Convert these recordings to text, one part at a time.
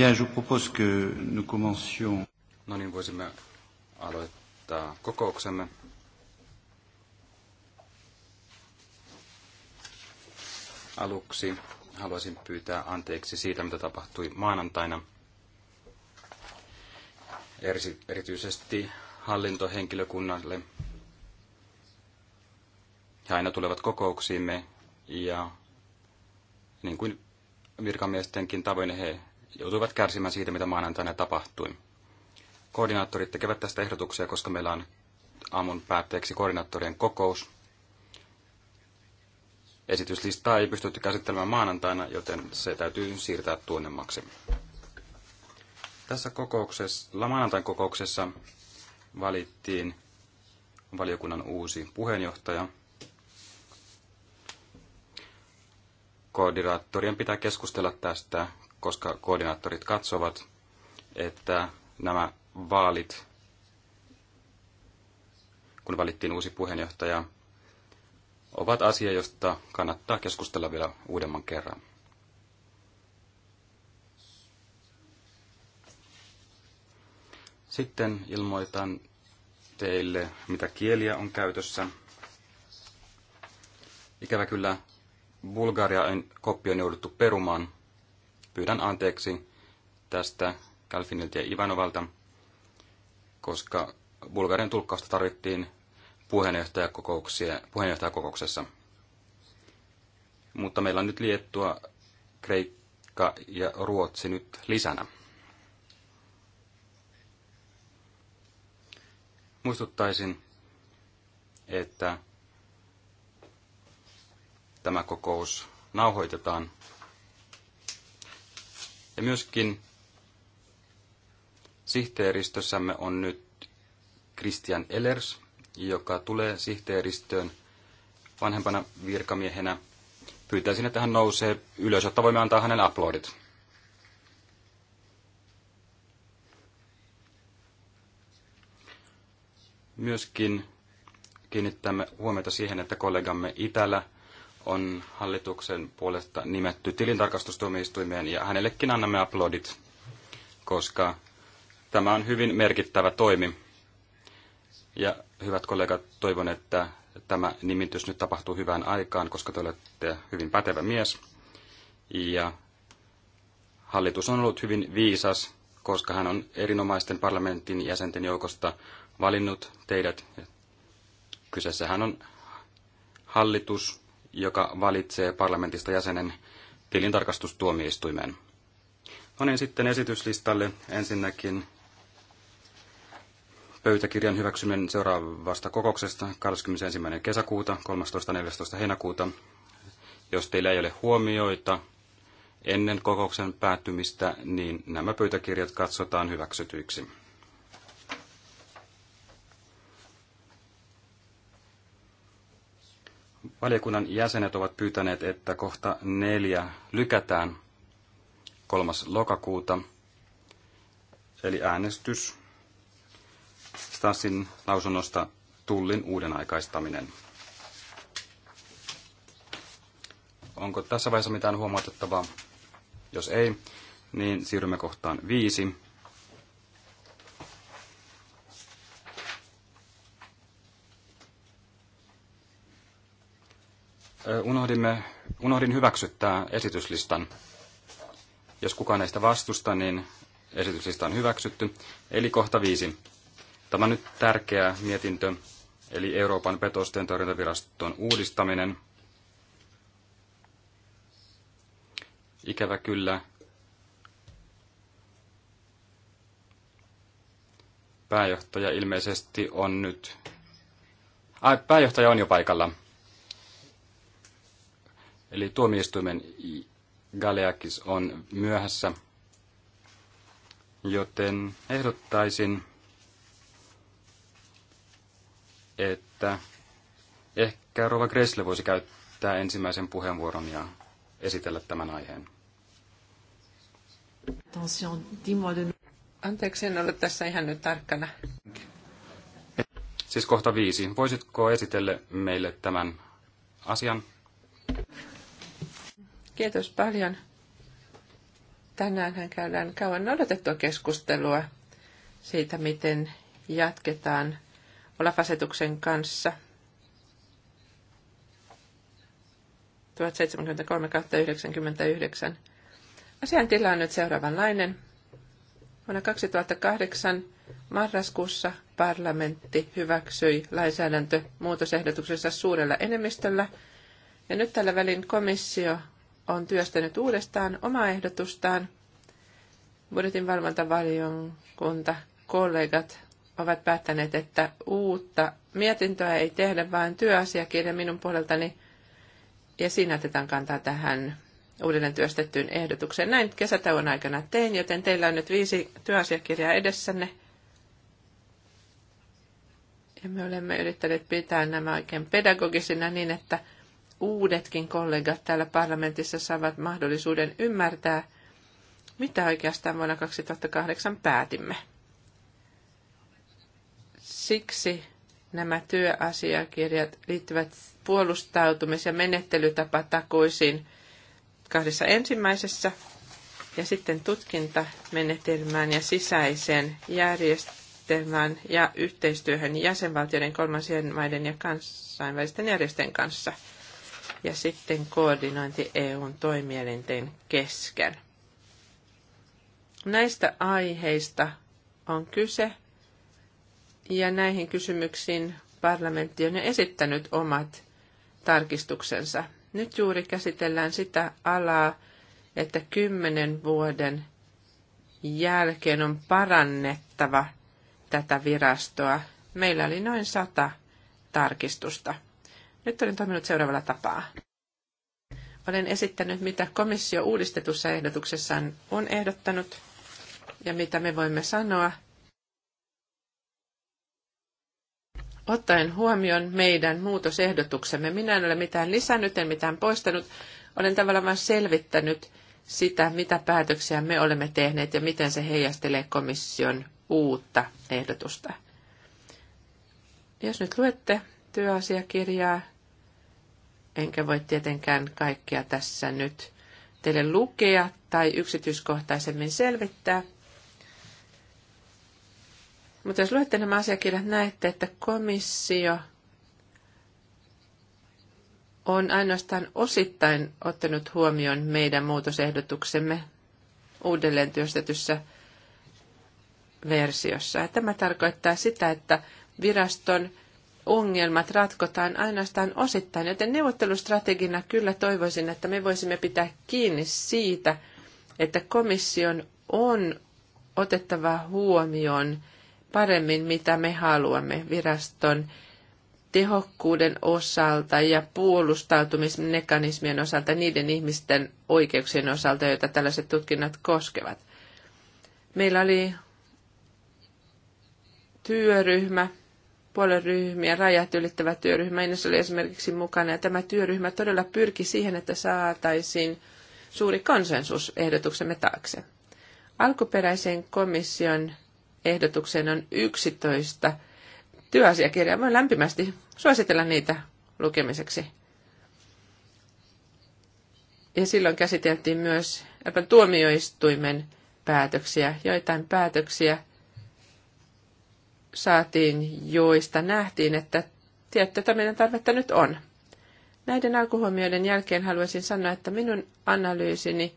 Bien, je propose que nous commencions. No niin, voisimme aloittaa kokouksemme. Aluksi haluaisin pyytää anteeksi siitä, mitä tapahtui maanantaina. Erityisesti hallintohenkilökunnalle. He aina tulevat kokouksiimme ja niin kuin virkamiestenkin tavoin he joutuivat kärsimään siitä, mitä maanantaina tapahtui. Koordinaattorit tekevät tästä ehdotuksia, koska meillä on aamun päätteeksi koordinaattorien kokous. Esityslistaa ei pystytty käsittelemään maanantaina, joten se täytyy siirtää tuonnemmaksi. Tässä kokouksessa, maanantain kokouksessa valittiin valiokunnan uusi puheenjohtaja. Koordinaattorien pitää keskustella tästä koska koordinaattorit katsovat, että nämä vaalit, kun valittiin uusi puheenjohtaja, ovat asia, josta kannattaa keskustella vielä uudemman kerran. Sitten ilmoitan teille, mitä kieliä on käytössä. Ikävä kyllä Bulgaria on kopio jouduttu perumaan, Pyydän anteeksi tästä Kalfinilta ja Ivanovalta, koska Bulgarian tulkkausta tarvittiin puheenjohtajakokouksessa. Mutta meillä on nyt Liettua, Kreikka ja Ruotsi nyt lisänä. Muistuttaisin, että tämä kokous nauhoitetaan ja myöskin sihteeristössämme on nyt Christian Ellers, joka tulee sihteeristöön vanhempana virkamiehenä. Pyytäisin, että hän nousee ylös, jotta voimme antaa hänen aplodit. Myöskin kiinnittämme huomiota siihen, että kollegamme Itälä – on hallituksen puolesta nimetty tilintarkastustuomioistuimeen ja hänellekin annamme aplodit, koska tämä on hyvin merkittävä toimi. Ja hyvät kollegat, toivon, että tämä nimitys nyt tapahtuu hyvään aikaan, koska te olette hyvin pätevä mies. Ja hallitus on ollut hyvin viisas, koska hän on erinomaisten parlamentin jäsenten joukosta valinnut teidät. Kyseessähän on hallitus, joka valitsee parlamentista jäsenen tilintarkastustuomioistuimeen. No niin, sitten esityslistalle ensinnäkin pöytäkirjan hyväksyminen seuraavasta kokouksesta 21. kesäkuuta, 13.14. heinäkuuta. Jos teillä ei ole huomioita ennen kokouksen päättymistä, niin nämä pöytäkirjat katsotaan hyväksytyiksi. Valiokunnan jäsenet ovat pyytäneet, että kohta neljä lykätään 3. lokakuuta, eli äänestys Stassin lausunnosta tullin uudenaikaistaminen. Onko tässä vaiheessa mitään huomautettavaa? Jos ei, niin siirrymme kohtaan viisi. unohdimme, unohdin hyväksyttää esityslistan. Jos kukaan näistä vastusta, niin esityslista on hyväksytty. Eli kohta viisi. Tämä on nyt tärkeä mietintö, eli Euroopan petosten torjuntaviraston uudistaminen. Ikävä kyllä. Pääjohtaja ilmeisesti on nyt... Ai, pääjohtaja on jo paikalla. Eli tuomioistuimen Galeakis on myöhässä, joten ehdottaisin, että ehkä Rova Gressle voisi käyttää ensimmäisen puheenvuoron ja esitellä tämän aiheen. Anteeksi, en ole tässä ihan nyt tarkkana. Siis kohta viisi. Voisitko esitellä meille tämän asian? Kiitos paljon. Tänään käydään kauan odotettua keskustelua siitä, miten jatketaan Olaf-asetuksen kanssa. 1073-99. Asiantila on nyt seuraavanlainen. Vuonna 2008 marraskuussa parlamentti hyväksyi lainsäädäntömuutosehdotuksensa suurella enemmistöllä, ja nyt tällä välin komissio on työstänyt uudestaan omaa ehdotustaan. Budjetin valvontavaliokunta kollegat ovat päättäneet, että uutta mietintöä ei tehdä, vaan työasiakirja minun puoleltani, ja siinä otetaan kantaa tähän uudelleen työstettyyn ehdotukseen. Näin kesätauon aikana tein, joten teillä on nyt viisi työasiakirjaa edessänne. Ja me olemme yrittäneet pitää nämä oikein pedagogisina niin, että uudetkin kollegat täällä parlamentissa saavat mahdollisuuden ymmärtää, mitä oikeastaan vuonna 2008 päätimme. Siksi nämä työasiakirjat liittyvät puolustautumis- ja menettelytapatakuisiin kahdessa ensimmäisessä ja sitten tutkintamenetelmään ja sisäiseen järjestelmään ja yhteistyöhön jäsenvaltioiden, kolmansien maiden ja kansainvälisten järjestöjen kanssa – ja sitten koordinointi EUn toimielinten kesken. Näistä aiheista on kyse ja näihin kysymyksiin parlamentti on jo esittänyt omat tarkistuksensa. Nyt juuri käsitellään sitä alaa, että kymmenen vuoden jälkeen on parannettava tätä virastoa. Meillä oli noin sata tarkistusta. Nyt olen toiminut seuraavalla tapaa. Olen esittänyt, mitä komissio uudistetussa ehdotuksessaan on ehdottanut ja mitä me voimme sanoa. Ottaen huomioon meidän muutosehdotuksemme, minä en ole mitään lisännyt, en mitään poistanut, olen tavallaan vain selvittänyt sitä, mitä päätöksiä me olemme tehneet ja miten se heijastelee komission uutta ehdotusta. Jos nyt luette työasiakirjaa, enkä voi tietenkään kaikkea tässä nyt teille lukea tai yksityiskohtaisemmin selvittää. Mutta jos luette nämä asiakirjat, näette, että komissio on ainoastaan osittain ottanut huomioon meidän muutosehdotuksemme uudelleen työstetyssä versiossa. Ja tämä tarkoittaa sitä, että viraston ongelmat ratkotaan ainoastaan osittain, joten neuvottelustrategina kyllä toivoisin, että me voisimme pitää kiinni siitä, että komission on otettava huomioon paremmin, mitä me haluamme viraston tehokkuuden osalta ja puolustautumismekanismien osalta niiden ihmisten oikeuksien osalta, joita tällaiset tutkinnat koskevat. Meillä oli työryhmä, puolueryhmien rajat ylittävä työryhmä. Ines oli esimerkiksi mukana ja tämä työryhmä todella pyrki siihen, että saataisiin suuri konsensus ehdotuksemme taakse. Alkuperäisen komission ehdotukseen on 11 työasiakirjaa. Voin lämpimästi suositella niitä lukemiseksi. Ja silloin käsiteltiin myös tuomioistuimen päätöksiä, joitain päätöksiä, saatiin, joista nähtiin, että tietty meidän tarvetta nyt on. Näiden alkuhuomioiden jälkeen haluaisin sanoa, että minun analyysini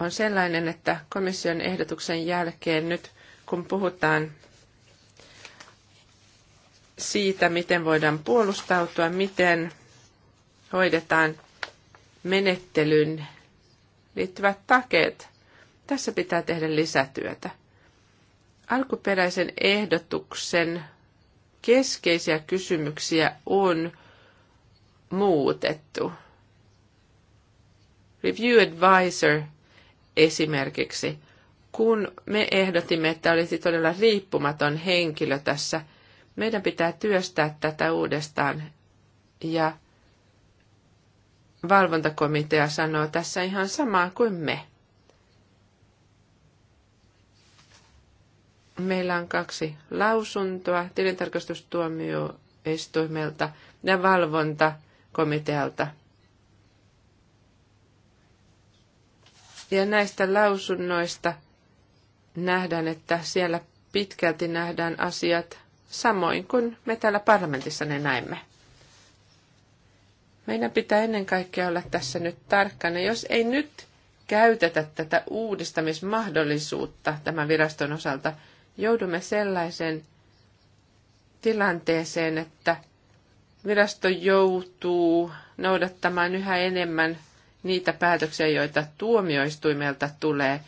on sellainen, että komission ehdotuksen jälkeen nyt, kun puhutaan siitä, miten voidaan puolustautua, miten hoidetaan menettelyn liittyvät takeet. Tässä pitää tehdä lisätyötä alkuperäisen ehdotuksen keskeisiä kysymyksiä on muutettu. Review Advisor esimerkiksi. Kun me ehdotimme, että olisi todella riippumaton henkilö tässä, meidän pitää työstää tätä uudestaan. Ja valvontakomitea sanoo tässä ihan samaa kuin me. Meillä on kaksi lausuntoa tilintarkastustuomioistuimelta ja valvontakomitealta. Ja näistä lausunnoista nähdään, että siellä pitkälti nähdään asiat samoin kuin me täällä parlamentissa ne näemme. Meidän pitää ennen kaikkea olla tässä nyt tarkkana. Jos ei nyt käytetä tätä uudistamismahdollisuutta tämän viraston osalta, joudumme sellaisen tilanteeseen, että virasto joutuu noudattamaan yhä enemmän niitä päätöksiä, joita tuomioistuimelta tulee.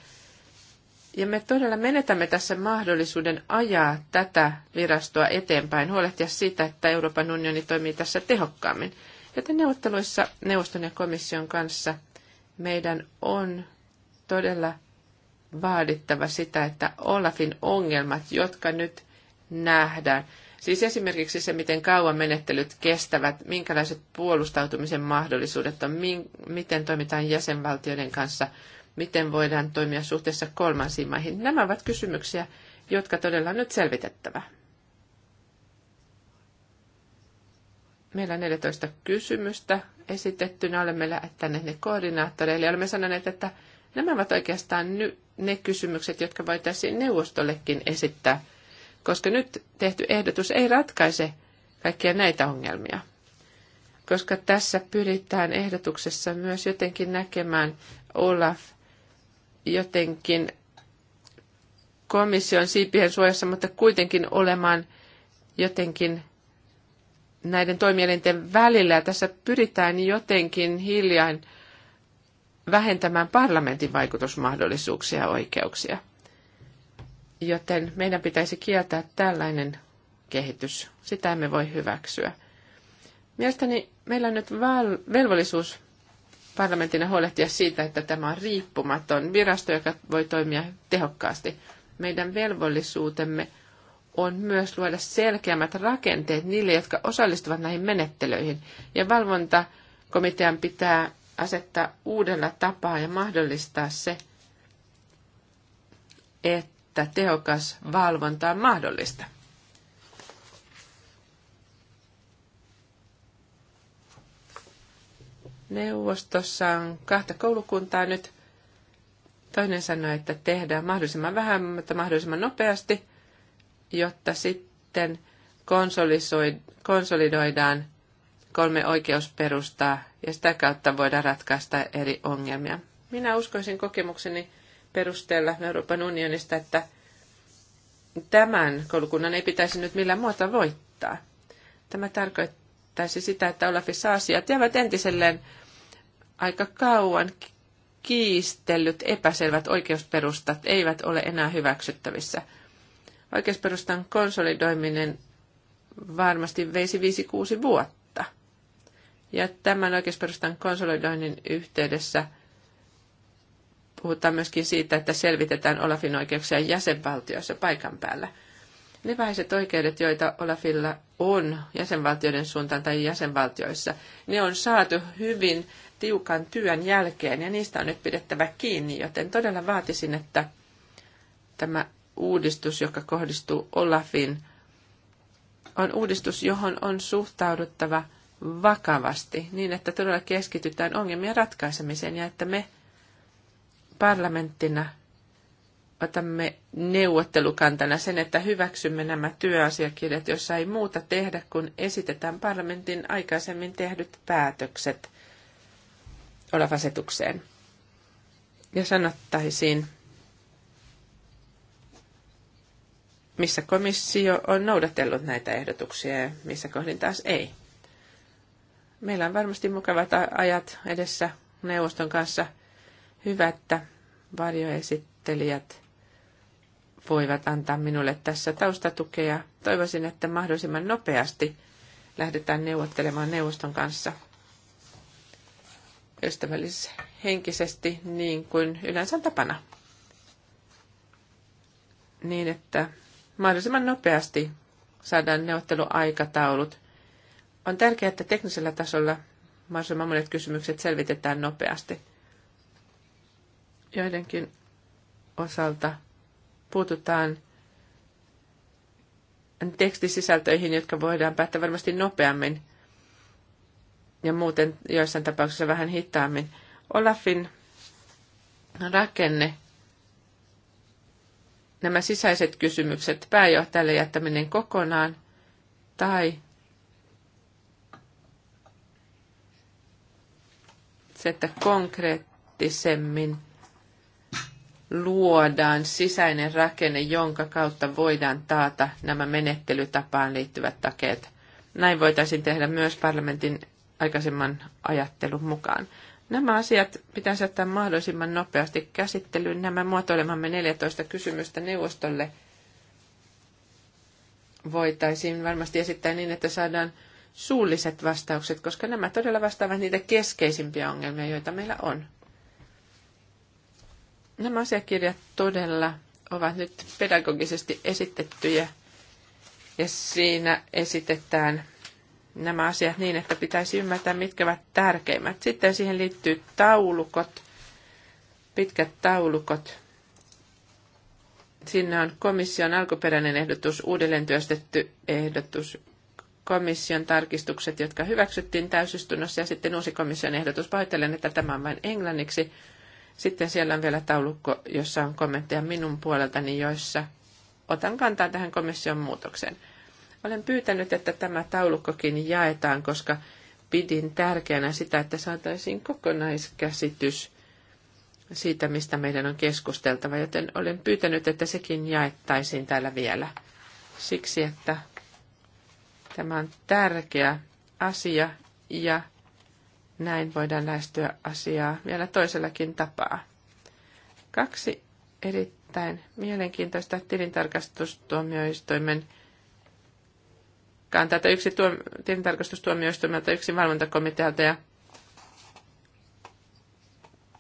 Ja me todella menetämme tässä mahdollisuuden ajaa tätä virastoa eteenpäin, huolehtia siitä, että Euroopan unioni toimii tässä tehokkaammin. Joten neuvotteluissa neuvoston ja komission kanssa meidän on todella vaadittava sitä, että Olafin ongelmat, jotka nyt nähdään, siis esimerkiksi se, miten kauan menettelyt kestävät, minkälaiset puolustautumisen mahdollisuudet on, miten toimitaan jäsenvaltioiden kanssa, miten voidaan toimia suhteessa kolmansiin maihin. Nämä ovat kysymyksiä, jotka todella on nyt selvitettävä. Meillä on 14 kysymystä esitettynä. Olemme lähettäneet ne koordinaattoreille. Olemme sanoneet, että nämä ovat oikeastaan nyt ne kysymykset, jotka voitaisiin neuvostollekin esittää, koska nyt tehty ehdotus ei ratkaise kaikkia näitä ongelmia. Koska tässä pyritään ehdotuksessa myös jotenkin näkemään Olaf jotenkin komission siipien suojassa, mutta kuitenkin olemaan jotenkin näiden toimielinten välillä. Ja tässä pyritään jotenkin hiljain vähentämään parlamentin vaikutusmahdollisuuksia ja oikeuksia. Joten meidän pitäisi kieltää tällainen kehitys. Sitä emme voi hyväksyä. Mielestäni meillä on nyt velvollisuus parlamentina huolehtia siitä, että tämä on riippumaton virasto, joka voi toimia tehokkaasti. Meidän velvollisuutemme on myös luoda selkeämmät rakenteet niille, jotka osallistuvat näihin menettelyihin. Ja valvontakomitean pitää asettaa uudella tapaa ja mahdollistaa se, että tehokas valvonta on mahdollista. Neuvostossa on kahta koulukuntaa nyt. Toinen sanoi, että tehdään mahdollisimman vähän, mutta mahdollisimman nopeasti, jotta sitten konsolidoidaan kolme oikeusperustaa ja sitä kautta voidaan ratkaista eri ongelmia. Minä uskoisin kokemukseni perusteella Euroopan unionista, että tämän koulukunnan ei pitäisi nyt millään muuta voittaa. Tämä tarkoittaisi sitä, että Olafissa asiat jäävät entiselleen aika kauan kiistellyt epäselvät oikeusperustat eivät ole enää hyväksyttävissä. Oikeusperustan konsolidoiminen varmasti veisi 5-6 vuotta ja tämän oikeusperustan konsolidoinnin yhteydessä puhutaan myöskin siitä, että selvitetään Olafin oikeuksia jäsenvaltioissa paikan päällä. Ne vähäiset oikeudet, joita Olafilla on jäsenvaltioiden suuntaan tai jäsenvaltioissa, ne on saatu hyvin tiukan työn jälkeen ja niistä on nyt pidettävä kiinni, joten todella vaatisin, että tämä uudistus, joka kohdistuu Olafin, on uudistus, johon on suhtauduttava – vakavasti niin, että todella keskitytään ongelmien ratkaisemiseen ja että me parlamenttina otamme neuvottelukantana sen, että hyväksymme nämä työasiakirjat, joissa ei muuta tehdä kuin esitetään parlamentin aikaisemmin tehdyt päätökset olavasetukseen. Ja sanottaisiin, missä komissio on noudatellut näitä ehdotuksia ja missä kohdin taas ei. Meillä on varmasti mukavat ajat edessä neuvoston kanssa. Hyvä, että varjoesittelijät voivat antaa minulle tässä taustatukea. Toivoisin, että mahdollisimman nopeasti lähdetään neuvottelemaan neuvoston kanssa ystävällishenkisesti niin kuin yleensä tapana. Niin, että mahdollisimman nopeasti saadaan neuvotteluaikataulut on tärkeää, että teknisellä tasolla mahdollisimman monet kysymykset selvitetään nopeasti. Joidenkin osalta puututaan tekstisisältöihin, jotka voidaan päättää varmasti nopeammin ja muuten joissain tapauksissa vähän hitaammin. Olafin rakenne, nämä sisäiset kysymykset, pääjohtajalle jättäminen kokonaan tai se, että konkreettisemmin luodaan sisäinen rakenne, jonka kautta voidaan taata nämä menettelytapaan liittyvät takeet. Näin voitaisiin tehdä myös parlamentin aikaisemman ajattelun mukaan. Nämä asiat pitäisi ottaa mahdollisimman nopeasti käsittelyyn. Nämä muotoilemamme 14 kysymystä neuvostolle voitaisiin varmasti esittää niin, että saadaan suulliset vastaukset, koska nämä todella vastaavat niitä keskeisimpiä ongelmia, joita meillä on. Nämä asiakirjat todella ovat nyt pedagogisesti esitettyjä ja siinä esitetään nämä asiat niin, että pitäisi ymmärtää, mitkä ovat tärkeimmät. Sitten siihen liittyy taulukot, pitkät taulukot. Sinne on komission alkuperäinen ehdotus, uudelleen työstetty ehdotus komission tarkistukset, jotka hyväksyttiin täysistunnossa, ja sitten uusi komission ehdotus. Pahoittelen, että tämä on vain englanniksi. Sitten siellä on vielä taulukko, jossa on kommentteja minun puoleltani, joissa otan kantaa tähän komission muutokseen. Olen pyytänyt, että tämä taulukkokin jaetaan, koska pidin tärkeänä sitä, että saataisiin kokonaiskäsitys siitä, mistä meidän on keskusteltava, joten olen pyytänyt, että sekin jaettaisiin täällä vielä. Siksi, että Tämä on tärkeä asia ja näin voidaan lähestyä asiaa vielä toisellakin tapaa. Kaksi erittäin mielenkiintoista tilintarkastustuomioistuimen kantaa, tai yksi tuo, tilintarkastustuomioistuimelta, yksi valvontakomitealta, ja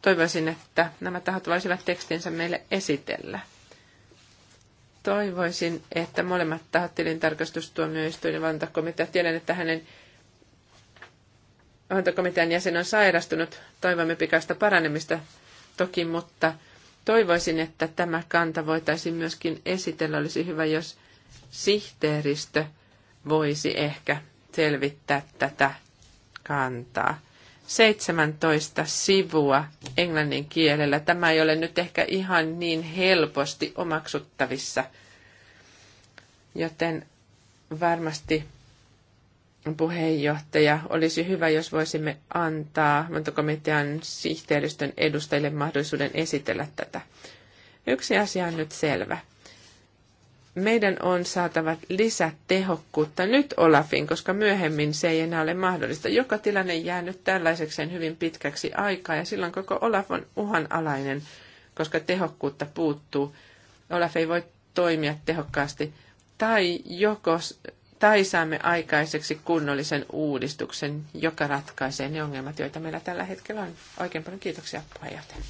toivoisin, että nämä tahot voisivat tekstinsä meille esitellä. Toivoisin, että molemmat tahot tilintarkastustuomioistuin ja valtakomitea, tiedän, että hänen valtakomitean jäsen on sairastunut, toivomme pikaista paranemista toki, mutta toivoisin, että tämä kanta voitaisiin myöskin esitellä. Olisi hyvä, jos sihteeristö voisi ehkä selvittää tätä kantaa. 17 sivua englannin kielellä. Tämä ei ole nyt ehkä ihan niin helposti omaksuttavissa, joten varmasti puheenjohtaja, olisi hyvä, jos voisimme antaa Montokomitean sihteeristön edustajille mahdollisuuden esitellä tätä. Yksi asia on nyt selvä meidän on saatava lisätehokkuutta nyt Olafin, koska myöhemmin se ei enää ole mahdollista. Joka tilanne jää nyt tällaisekseen hyvin pitkäksi aikaa ja silloin koko Olaf on uhanalainen, koska tehokkuutta puuttuu. Olaf ei voi toimia tehokkaasti. Tai, joko, tai saamme aikaiseksi kunnollisen uudistuksen, joka ratkaisee ne ongelmat, joita meillä tällä hetkellä on. Oikein paljon kiitoksia puheenjohtaja.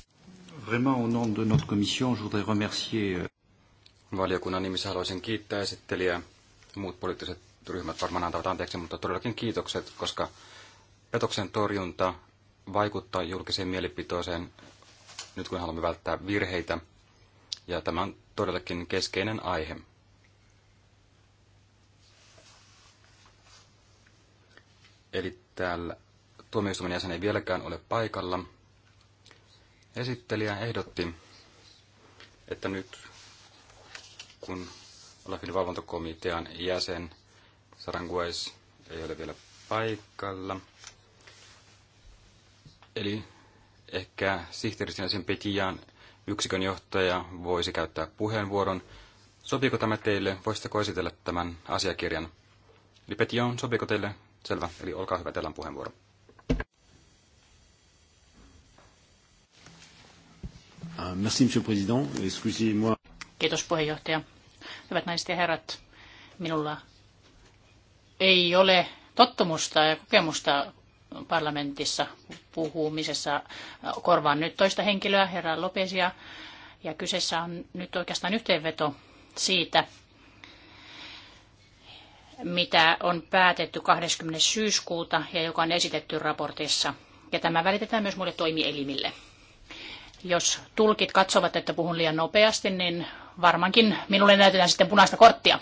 Vraiment, au nom de notre commission, je voudrais remercier euh, Valiokunnan nimissä haluaisin kiittää esittelijää. Muut poliittiset ryhmät varmaan antavat anteeksi, mutta todellakin kiitokset, koska petoksen torjunta vaikuttaa julkiseen mielipitoiseen nyt kun haluamme välttää virheitä. Ja tämä on todellakin keskeinen aihe. Eli täällä tuomioistuimen jäsen ei vieläkään ole paikalla. Esittelijä ehdotti, että nyt kun Olafin valvontakomitean jäsen Saranguais ei ole vielä paikalla. Eli ehkä sihteeristinäisen Petian yksikön johtaja voisi käyttää puheenvuoron. Sopiiko tämä teille? Voisitteko esitellä tämän asiakirjan? Eli Petion, sopiiko teille? Selvä. Eli olkaa hyvä, teillä on puheenvuoro. Ah, merci, Monsieur le Président. Excusez-moi. Kiitos puheenjohtaja. Hyvät naiset ja herrat, minulla ei ole tottumusta ja kokemusta parlamentissa puhumisessa. Korvaan nyt toista henkilöä, herra Lopesia, ja kyseessä on nyt oikeastaan yhteenveto siitä, mitä on päätetty 20. syyskuuta ja joka on esitetty raportissa. Ja tämä välitetään myös muille toimielimille. Jos tulkit katsovat, että puhun liian nopeasti, niin varmaankin minulle näytetään sitten punaista korttia.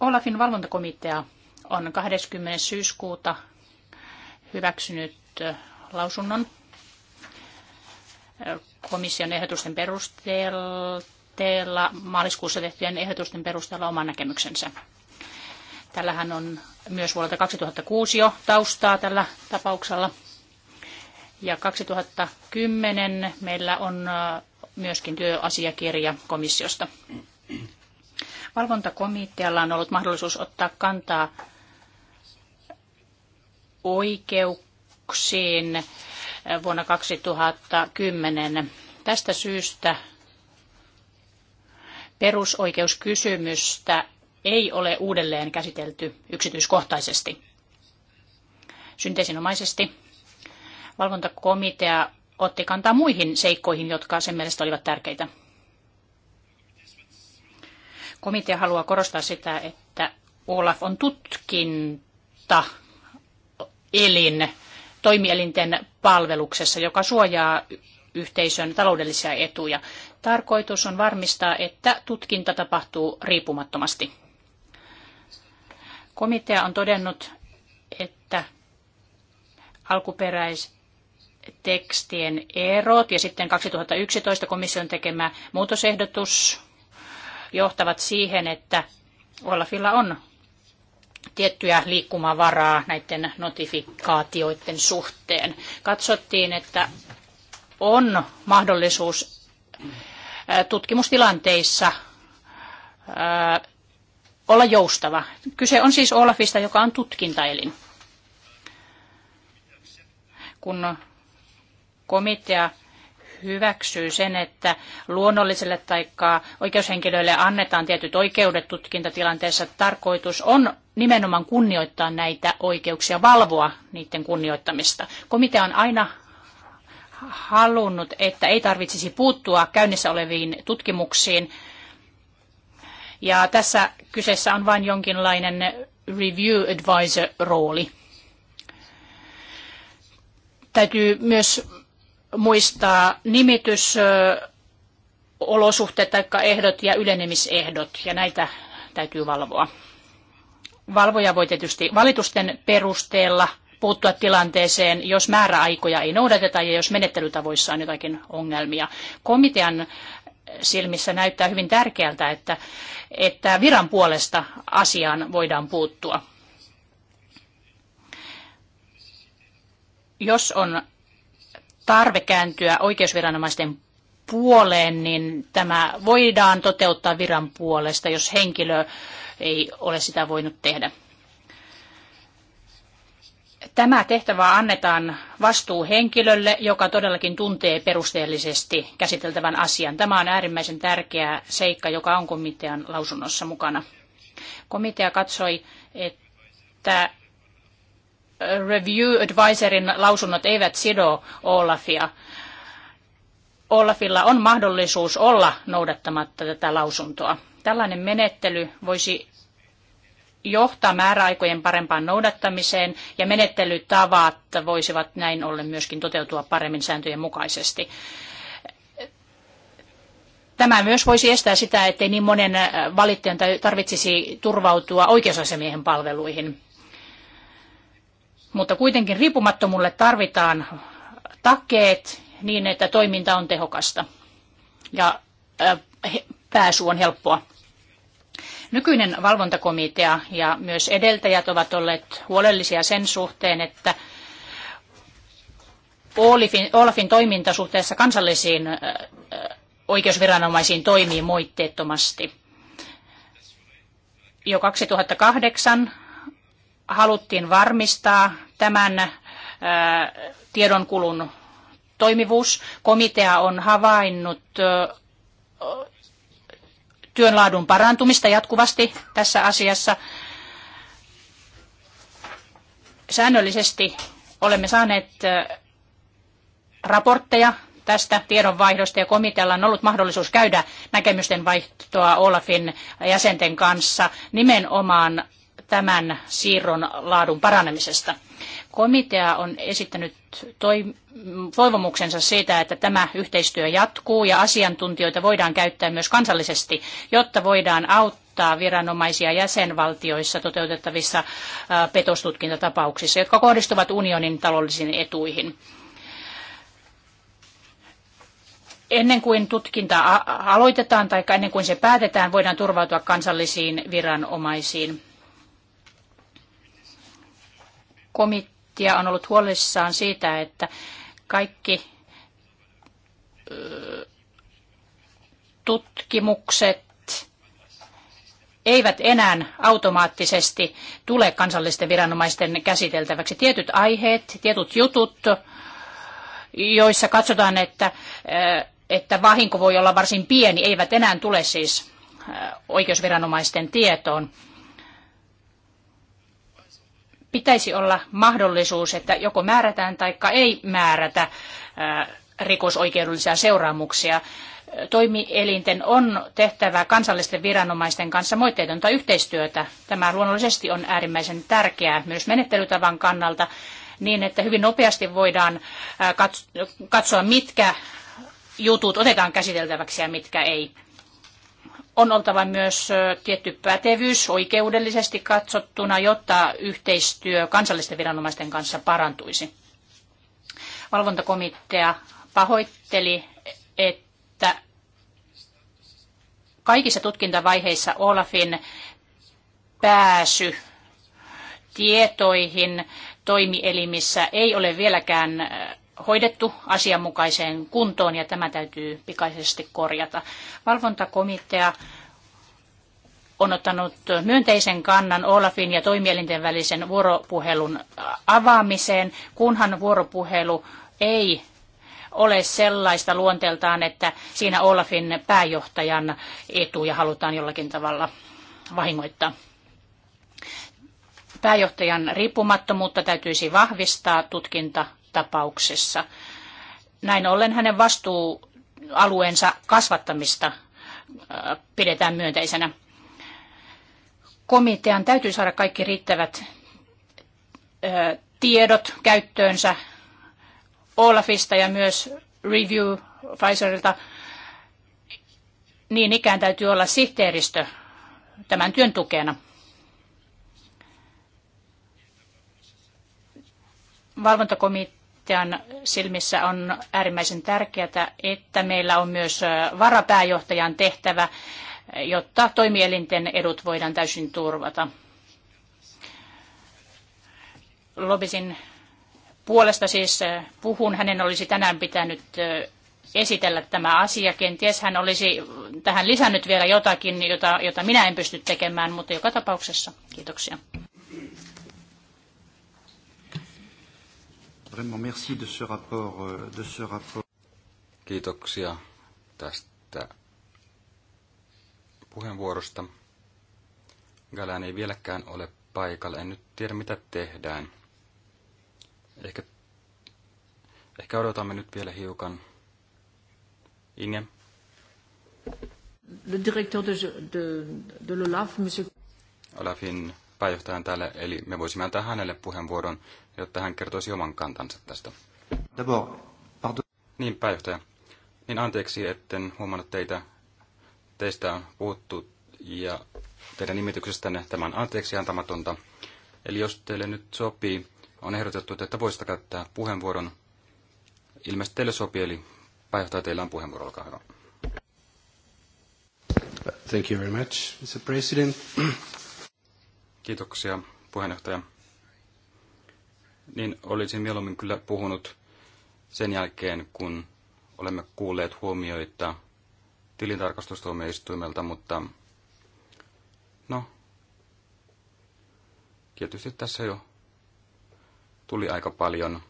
Olafin valvontakomitea on 20. syyskuuta hyväksynyt äh, lausunnon äh, komission ehdotusten perusteella, maaliskuussa tehtyjen ehdotusten perusteella oman näkemyksensä. Tällähän on myös vuodelta 2006 jo taustaa tällä tapauksella. Ja 2010 meillä on äh, myöskin työasiakirja komissiosta. Valvontakomitealla on ollut mahdollisuus ottaa kantaa oikeuksiin vuonna 2010. Tästä syystä perusoikeuskysymystä ei ole uudelleen käsitelty yksityiskohtaisesti. Synteesinomaisesti valvontakomitea otti kantaa muihin seikkoihin, jotka sen mielestä olivat tärkeitä. Komitea haluaa korostaa sitä, että Olaf on tutkinta elin toimielinten palveluksessa, joka suojaa yhteisön taloudellisia etuja. Tarkoitus on varmistaa, että tutkinta tapahtuu riippumattomasti. Komitea on todennut, että alkuperäis tekstien erot ja sitten 2011 komission tekemä muutosehdotus johtavat siihen, että Olafilla on tiettyä liikkumavaraa näiden notifikaatioiden suhteen. Katsottiin, että on mahdollisuus tutkimustilanteissa olla joustava. Kyse on siis Olafista, joka on tutkintaelin. Kun komitea hyväksyy sen, että luonnolliselle tai oikeushenkilöille annetaan tietyt oikeudet tutkintatilanteessa. Tarkoitus on nimenomaan kunnioittaa näitä oikeuksia, valvoa niiden kunnioittamista. Komitea on aina halunnut, että ei tarvitsisi puuttua käynnissä oleviin tutkimuksiin. Ja tässä kyseessä on vain jonkinlainen review advisor rooli. Täytyy myös muistaa nimitysolosuhteet tai ehdot ja ylenemisehdot, ja näitä täytyy valvoa. Valvoja voi tietysti valitusten perusteella puuttua tilanteeseen, jos määräaikoja ei noudateta ja jos menettelytavoissa on jotakin ongelmia. Komitean silmissä näyttää hyvin tärkeältä, että, että viran puolesta asiaan voidaan puuttua. Jos on tarve kääntyä oikeusviranomaisten puoleen, niin tämä voidaan toteuttaa viran puolesta, jos henkilö ei ole sitä voinut tehdä. Tämä tehtävä annetaan vastuuhenkilölle, joka todellakin tuntee perusteellisesti käsiteltävän asian. Tämä on äärimmäisen tärkeä seikka, joka on komitean lausunnossa mukana. Komitea katsoi, että Review Advisorin lausunnot eivät sido Olafia. Olafilla on mahdollisuus olla noudattamatta tätä lausuntoa. Tällainen menettely voisi johtaa määräaikojen parempaan noudattamiseen ja menettelytavat voisivat näin ollen myöskin toteutua paremmin sääntöjen mukaisesti. Tämä myös voisi estää sitä, ettei niin monen valittajan tarvitsisi turvautua oikeusasiamiehen palveluihin mutta kuitenkin riippumattomulle tarvitaan takeet niin, että toiminta on tehokasta ja pääsy on helppoa. Nykyinen valvontakomitea ja myös edeltäjät ovat olleet huolellisia sen suhteen, että Olafin, Olafin toiminta suhteessa kansallisiin oikeusviranomaisiin toimii moitteettomasti. Jo 2008 haluttiin varmistaa tämän äh, tiedonkulun toimivuus. Komitea on havainnut äh, työn laadun parantumista jatkuvasti tässä asiassa. Säännöllisesti olemme saaneet äh, raportteja tästä tiedonvaihdosta ja komitealla on ollut mahdollisuus käydä näkemysten vaihtoa Olafin jäsenten kanssa nimenomaan tämän siirron laadun paranemisesta. Komitea on esittänyt toivomuksensa siitä, että tämä yhteistyö jatkuu ja asiantuntijoita voidaan käyttää myös kansallisesti, jotta voidaan auttaa viranomaisia jäsenvaltioissa toteutettavissa petostutkintatapauksissa, jotka kohdistuvat unionin taloudellisiin etuihin ennen kuin tutkinta aloitetaan tai ennen kuin se päätetään, voidaan turvautua kansallisiin viranomaisiin. komitea on ollut huolissaan siitä, että kaikki tutkimukset eivät enää automaattisesti tule kansallisten viranomaisten käsiteltäväksi. Tietyt aiheet, tietyt jutut, joissa katsotaan, että, että vahinko voi olla varsin pieni, eivät enää tule siis oikeusviranomaisten tietoon pitäisi olla mahdollisuus, että joko määrätään tai ei määrätä äh, rikosoikeudellisia seuraamuksia. Toimielinten on tehtävä kansallisten viranomaisten kanssa moitteetonta yhteistyötä. Tämä luonnollisesti on äärimmäisen tärkeää myös menettelytavan kannalta niin, että hyvin nopeasti voidaan äh, katsoa, mitkä jutut otetaan käsiteltäväksi ja mitkä ei on oltava myös tietty pätevyys oikeudellisesti katsottuna, jotta yhteistyö kansallisten viranomaisten kanssa parantuisi. Valvontakomitea pahoitteli, että kaikissa tutkintavaiheissa Olafin pääsy tietoihin toimielimissä ei ole vieläkään hoidettu asianmukaiseen kuntoon ja tämä täytyy pikaisesti korjata. Valvontakomitea on ottanut myönteisen kannan Olafin ja toimielinten välisen vuoropuhelun avaamiseen, kunhan vuoropuhelu ei ole sellaista luonteeltaan, että siinä Olafin pääjohtajan etuja halutaan jollakin tavalla vahingoittaa. Pääjohtajan riippumattomuutta täytyisi vahvistaa tutkinta tapauksessa. Näin ollen hänen vastuualueensa kasvattamista äh, pidetään myönteisenä. Komitean täytyy saada kaikki riittävät äh, tiedot käyttöönsä Olafista ja myös Review Pfizerilta. Niin ikään täytyy olla sihteeristö tämän työn tukena. Valvontakomitea pääjohtajan silmissä on äärimmäisen tärkeää, että meillä on myös varapääjohtajan tehtävä, jotta toimielinten edut voidaan täysin turvata. Lobisin puolesta siis puhun. Hänen olisi tänään pitänyt esitellä tämä asia. Kenties hän olisi tähän lisännyt vielä jotakin, jota, jota minä en pysty tekemään, mutta joka tapauksessa kiitoksia. Vraiment merci de ce rapport, euh, de ce rapport. Kiitoksia tästä puheenvuorosta. Galään ei vieläkään ole paikalla. En nyt tiedä, mitä tehdään. Ehkä, ehkä odotamme nyt vielä hiukan. Inge. Le directeur de, de, de l'OLAF, monsieur... Olafin pääjohtajan täällä, eli me voisimme antaa hänelle puheenvuoron, jotta hän kertoisi oman kantansa tästä. Niin, pääjohtaja. Niin anteeksi, etten huomannut teitä. Teistä on puhuttu ja teidän nimityksestänne tämän anteeksi antamatonta. Eli jos teille nyt sopii, on ehdotettu, että voisitte käyttää puheenvuoron. Ilmeisesti teille sopii, eli pääjohtaja teillä on puheenvuoro, olkaa hyvä. Thank you very much, Mr. President. Kiitoksia, puheenjohtaja. Niin olisin mieluummin kyllä puhunut sen jälkeen, kun olemme kuulleet huomioita tilintarkastustuomioistuimelta, mutta no, tietysti tässä jo tuli aika paljon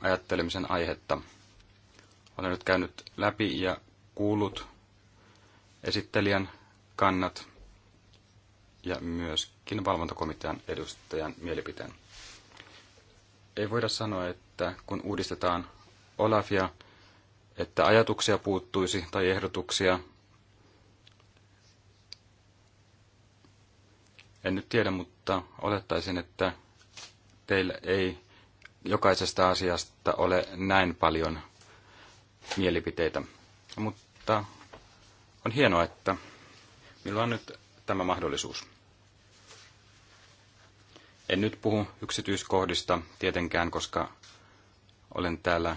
ajattelemisen aihetta. Olen nyt käynyt läpi ja kuullut esittelijän kannat ja myöskin valvontakomitean edustajan mielipiteen. Ei voida sanoa, että kun uudistetaan Olafia, että ajatuksia puuttuisi tai ehdotuksia. En nyt tiedä, mutta olettaisin, että teillä ei jokaisesta asiasta ole näin paljon mielipiteitä. Mutta on hienoa, että minulla on nyt tämä mahdollisuus. En nyt puhu yksityiskohdista tietenkään, koska olen täällä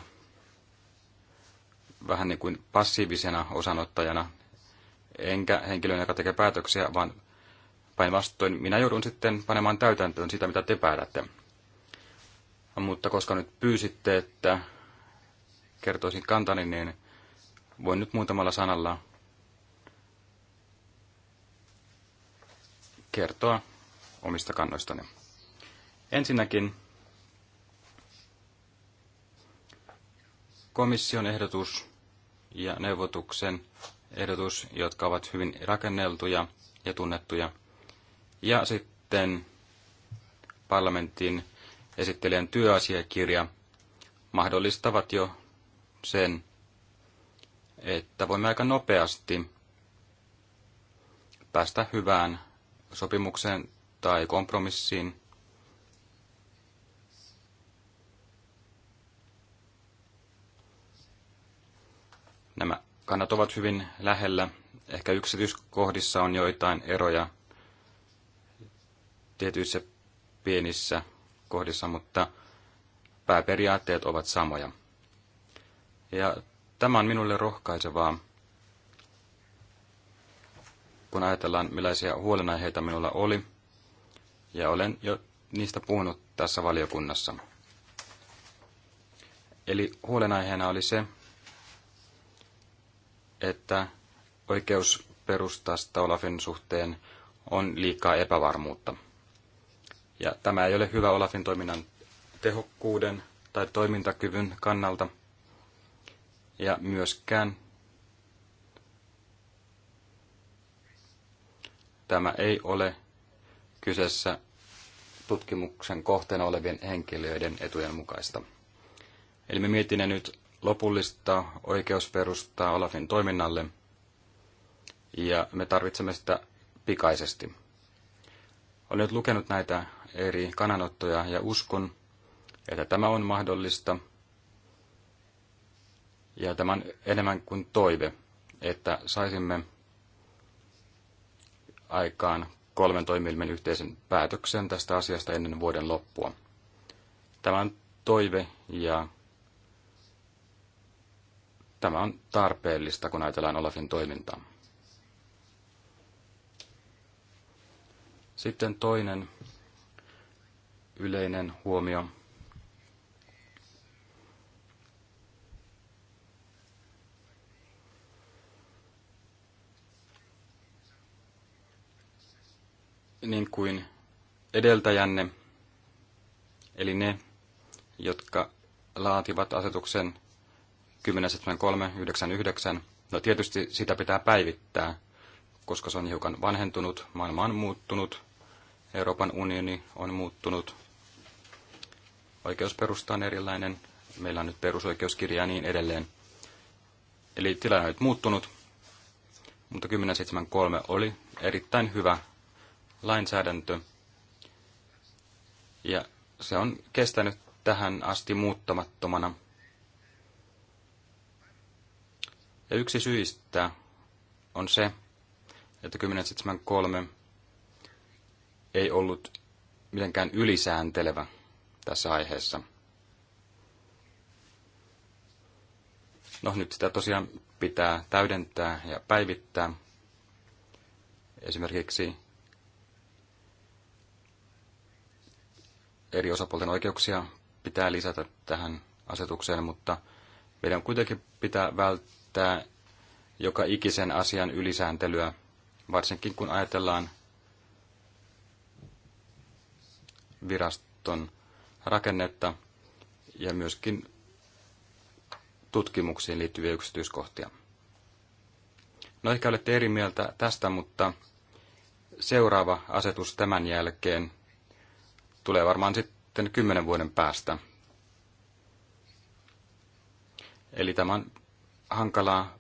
vähän niin kuin passiivisena osanottajana, enkä henkilönä, joka tekee päätöksiä, vaan päinvastoin minä joudun sitten panemaan täytäntöön sitä, mitä te päätätte. Mutta koska nyt pyysitte, että kertoisin kantani, niin voin nyt muutamalla sanalla kertoa omista kannoistani. Ensinnäkin komission ehdotus ja neuvotuksen ehdotus, jotka ovat hyvin rakenneltuja ja tunnettuja. Ja sitten parlamentin esittelijän työasiakirja mahdollistavat jo sen, että voimme aika nopeasti päästä hyvään sopimukseen tai kompromissiin. Nämä kannat ovat hyvin lähellä. Ehkä yksityiskohdissa on joitain eroja tietyissä pienissä kohdissa, mutta pääperiaatteet ovat samoja. Ja tämä on minulle rohkaisevaa kun ajatellaan, millaisia huolenaiheita minulla oli, ja olen jo niistä puhunut tässä valiokunnassa. Eli huolenaiheena oli se, että oikeusperustasta Olafin suhteen on liikaa epävarmuutta. Ja tämä ei ole hyvä Olafin toiminnan tehokkuuden tai toimintakyvyn kannalta, ja myöskään Tämä ei ole kyseessä tutkimuksen kohteena olevien henkilöiden etujen mukaista. Eli me mietimme nyt lopullista oikeusperustaa Olafin toiminnalle, ja me tarvitsemme sitä pikaisesti. Olen nyt lukenut näitä eri kananottoja ja uskon, että tämä on mahdollista. Ja tämä on enemmän kuin toive, että saisimme aikaan kolmen toimielimen yhteisen päätöksen tästä asiasta ennen vuoden loppua. Tämä on toive ja tämä on tarpeellista, kun ajatellaan Olafin toimintaa. Sitten toinen yleinen huomio niin kuin edeltäjänne, eli ne, jotka laativat asetuksen 10.73.99. No tietysti sitä pitää päivittää, koska se on hiukan vanhentunut, maailma on muuttunut, Euroopan unioni on muuttunut, oikeusperusta on erilainen, meillä on nyt perusoikeuskirja ja niin edelleen. Eli tilanne on nyt muuttunut, mutta 10.73 oli erittäin hyvä lainsäädäntö. Ja se on kestänyt tähän asti muuttamattomana. Ja yksi syistä on se, että 1073 ei ollut mitenkään ylisääntelevä tässä aiheessa. No nyt sitä tosiaan pitää täydentää ja päivittää. Esimerkiksi eri osapuolten oikeuksia pitää lisätä tähän asetukseen, mutta meidän kuitenkin pitää välttää joka ikisen asian ylisääntelyä, varsinkin kun ajatellaan viraston rakennetta ja myöskin tutkimuksiin liittyviä yksityiskohtia. No ehkä olette eri mieltä tästä, mutta seuraava asetus tämän jälkeen tulee varmaan sitten sitten kymmenen vuoden päästä. Eli tämä on hankalaa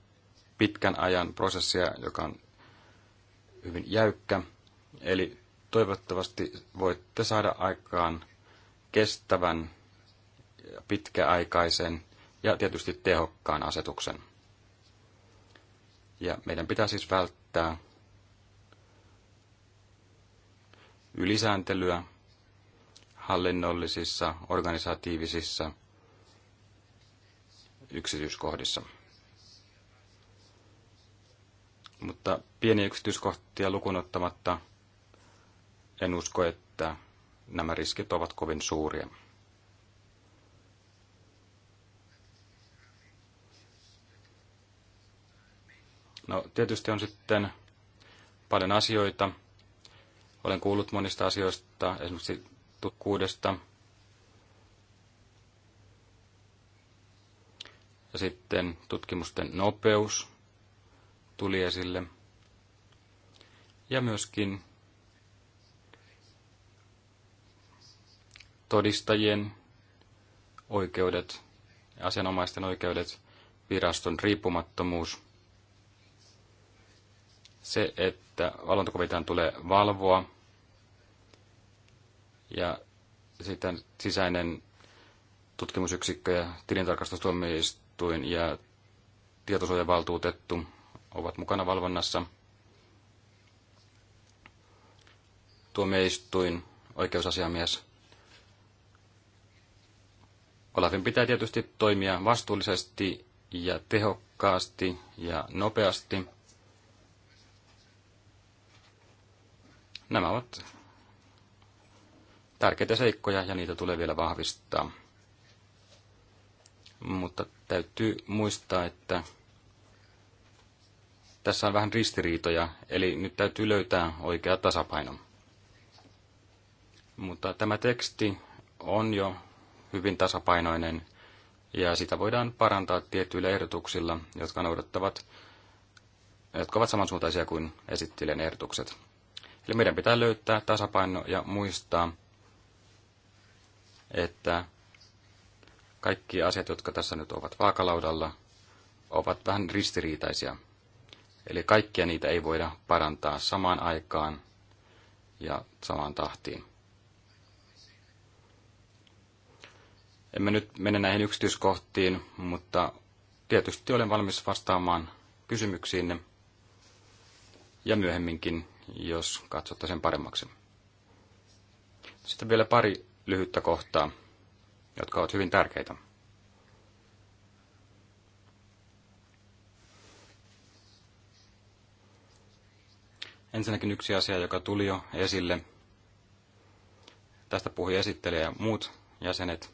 pitkän ajan prosessia, joka on hyvin jäykkä. Eli toivottavasti voitte saada aikaan kestävän, pitkäaikaisen ja tietysti tehokkaan asetuksen. Ja meidän pitää siis välttää ylisääntelyä hallinnollisissa, organisatiivisissa yksityiskohdissa. Mutta pieni yksityiskohtia lukunottamatta en usko, että nämä riskit ovat kovin suuria. No tietysti on sitten paljon asioita. Olen kuullut monista asioista, esimerkiksi tehokkuudesta. Ja sitten tutkimusten nopeus tuli esille. Ja myöskin todistajien oikeudet, asianomaisten oikeudet, viraston riippumattomuus. Se, että valvontakomitean tulee valvoa ja sitten sisäinen tutkimusyksikkö ja tilintarkastustuomioistuin ja tietosuojavaltuutettu ovat mukana valvonnassa. Tuomioistuin, oikeusasiamies. Olafin pitää tietysti toimia vastuullisesti ja tehokkaasti ja nopeasti. Nämä ovat tärkeitä seikkoja ja niitä tulee vielä vahvistaa. Mutta täytyy muistaa, että tässä on vähän ristiriitoja, eli nyt täytyy löytää oikea tasapaino. Mutta tämä teksti on jo hyvin tasapainoinen ja sitä voidaan parantaa tietyillä ehdotuksilla, jotka noudattavat, jotka ovat samansuuntaisia kuin esittelijän ehdotukset. Eli meidän pitää löytää tasapaino ja muistaa, että kaikki asiat, jotka tässä nyt ovat vaakalaudalla, ovat vähän ristiriitaisia. Eli kaikkia niitä ei voida parantaa samaan aikaan ja samaan tahtiin. Emme nyt mene näihin yksityiskohtiin, mutta tietysti olen valmis vastaamaan kysymyksiinne ja myöhemminkin, jos katsotte sen paremmaksi. Sitten vielä pari lyhyttä kohtaa, jotka ovat hyvin tärkeitä. Ensinnäkin yksi asia, joka tuli jo esille. Tästä puhui esittelijä ja muut jäsenet.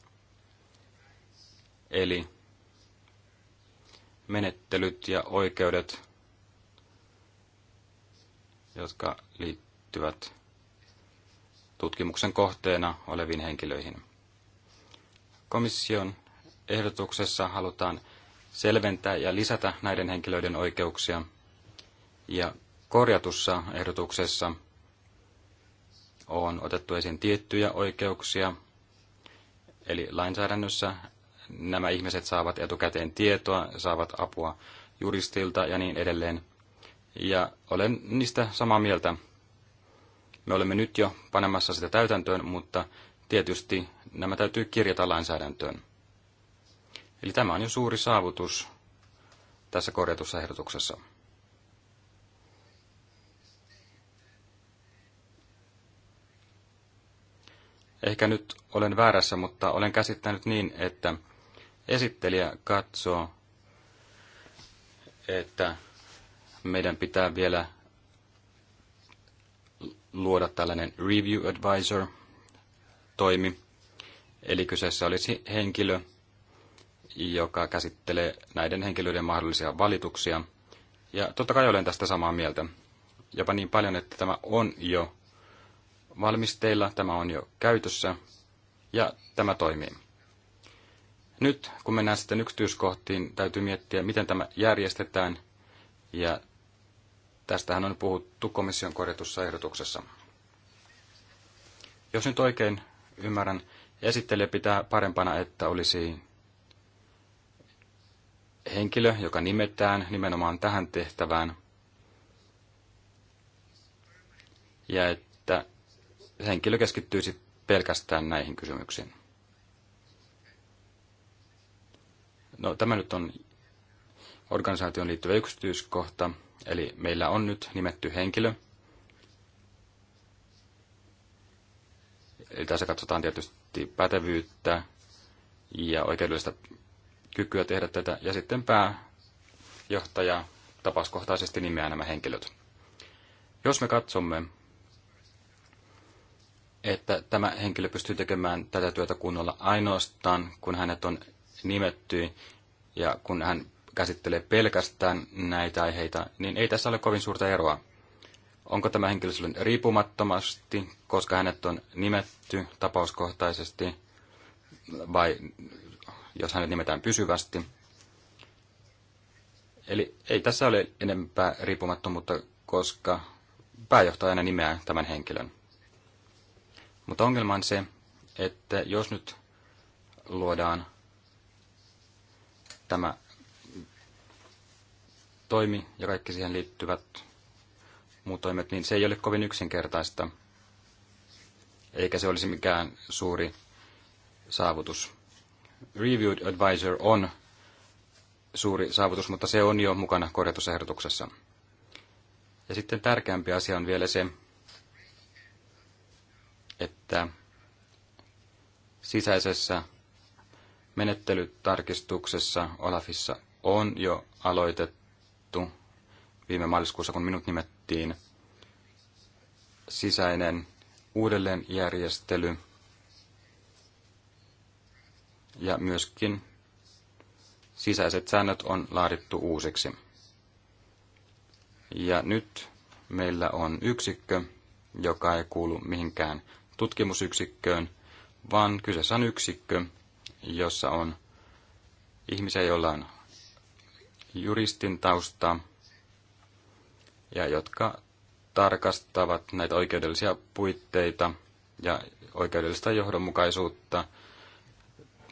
Eli menettelyt ja oikeudet, jotka liittyvät tutkimuksen kohteena oleviin henkilöihin. Komission ehdotuksessa halutaan selventää ja lisätä näiden henkilöiden oikeuksia, ja korjatussa ehdotuksessa on otettu esiin tiettyjä oikeuksia, eli lainsäädännössä nämä ihmiset saavat etukäteen tietoa, saavat apua juristilta ja niin edelleen. Ja olen niistä samaa mieltä, me olemme nyt jo panemassa sitä täytäntöön, mutta tietysti nämä täytyy kirjata lainsäädäntöön. Eli tämä on jo suuri saavutus tässä korjatussa ehdotuksessa. Ehkä nyt olen väärässä, mutta olen käsittänyt niin, että esittelijä katsoo, että meidän pitää vielä luoda tällainen review advisor toimi. Eli kyseessä olisi henkilö, joka käsittelee näiden henkilöiden mahdollisia valituksia. Ja totta kai olen tästä samaa mieltä. Jopa niin paljon, että tämä on jo valmisteilla, tämä on jo käytössä ja tämä toimii. Nyt kun mennään sitten yksityiskohtiin, täytyy miettiä, miten tämä järjestetään. Ja Tästähän on puhuttu komission korjatussa ehdotuksessa. Jos nyt oikein ymmärrän, esittelijä pitää parempana, että olisi henkilö, joka nimetään nimenomaan tähän tehtävään, ja että henkilö keskittyisi pelkästään näihin kysymyksiin. No, tämä nyt on organisaation liittyvä yksityiskohta, Eli meillä on nyt nimetty henkilö. Eli tässä katsotaan tietysti pätevyyttä ja oikeudellista kykyä tehdä tätä. Ja sitten pääjohtaja tapauskohtaisesti nimeää nämä henkilöt. Jos me katsomme, että tämä henkilö pystyy tekemään tätä työtä kunnolla ainoastaan, kun hänet on nimetty ja kun hän käsittelee pelkästään näitä aiheita, niin ei tässä ole kovin suurta eroa. Onko tämä henkilö silloin riippumattomasti, koska hänet on nimetty tapauskohtaisesti, vai jos hänet nimetään pysyvästi? Eli ei tässä ole enempää riippumattomuutta, koska aina nimeää tämän henkilön. Mutta ongelma on se, että jos nyt luodaan tämä toimi ja kaikki siihen liittyvät muut toimet, niin se ei ole kovin yksinkertaista, eikä se olisi mikään suuri saavutus. Reviewed Advisor on suuri saavutus, mutta se on jo mukana korjatusehdotuksessa. Ja sitten tärkeämpi asia on vielä se, että sisäisessä menettelytarkistuksessa Olafissa on jo aloitettu juttu viime maaliskuussa, kun minut nimettiin sisäinen uudelleenjärjestely ja myöskin sisäiset säännöt on laadittu uusiksi. Ja nyt meillä on yksikkö, joka ei kuulu mihinkään tutkimusyksikköön, vaan kyseessä on yksikkö, jossa on ihmisiä, joilla on juristin taustaa ja jotka tarkastavat näitä oikeudellisia puitteita ja oikeudellista johdonmukaisuutta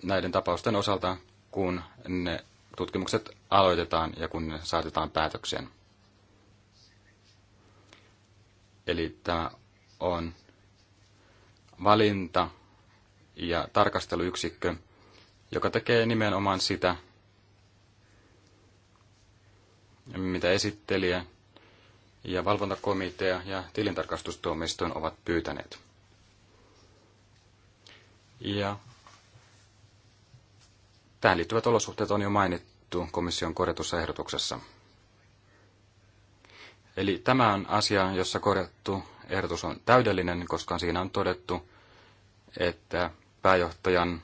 näiden tapausten osalta, kun ne tutkimukset aloitetaan ja kun ne saatetaan päätökseen. Eli tämä on valinta ja tarkasteluyksikkö, joka tekee nimenomaan sitä, mitä esittelijä ja valvontakomitea ja tilintarkastustuomioistuin ovat pyytäneet. Ja tähän liittyvät olosuhteet on jo mainittu komission korjatussa ehdotuksessa. Eli tämä on asia, jossa korjattu ehdotus on täydellinen, koska siinä on todettu, että pääjohtajan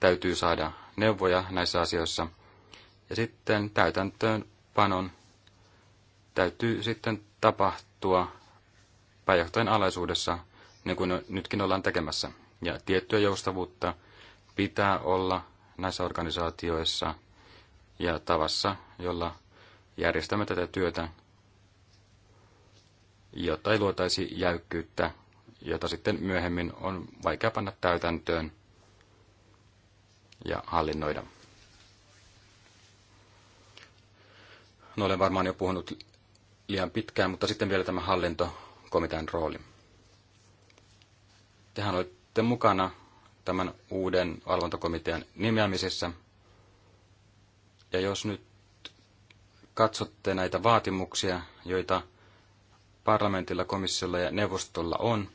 täytyy saada neuvoja näissä asioissa. Ja sitten täytäntöönpanon täytyy sitten tapahtua pääjohtajan alaisuudessa, niin kuin nytkin ollaan tekemässä. Ja tiettyä joustavuutta pitää olla näissä organisaatioissa ja tavassa, jolla järjestämme tätä työtä, jotta ei luotaisi jäykkyyttä, jota sitten myöhemmin on vaikea panna täytäntöön ja hallinnoida. No olen varmaan jo puhunut liian pitkään, mutta sitten vielä tämä hallintokomitean rooli. Tehän olette mukana tämän uuden valvontakomitean nimeämisessä. Ja jos nyt katsotte näitä vaatimuksia, joita parlamentilla, komissiolla ja neuvostolla on,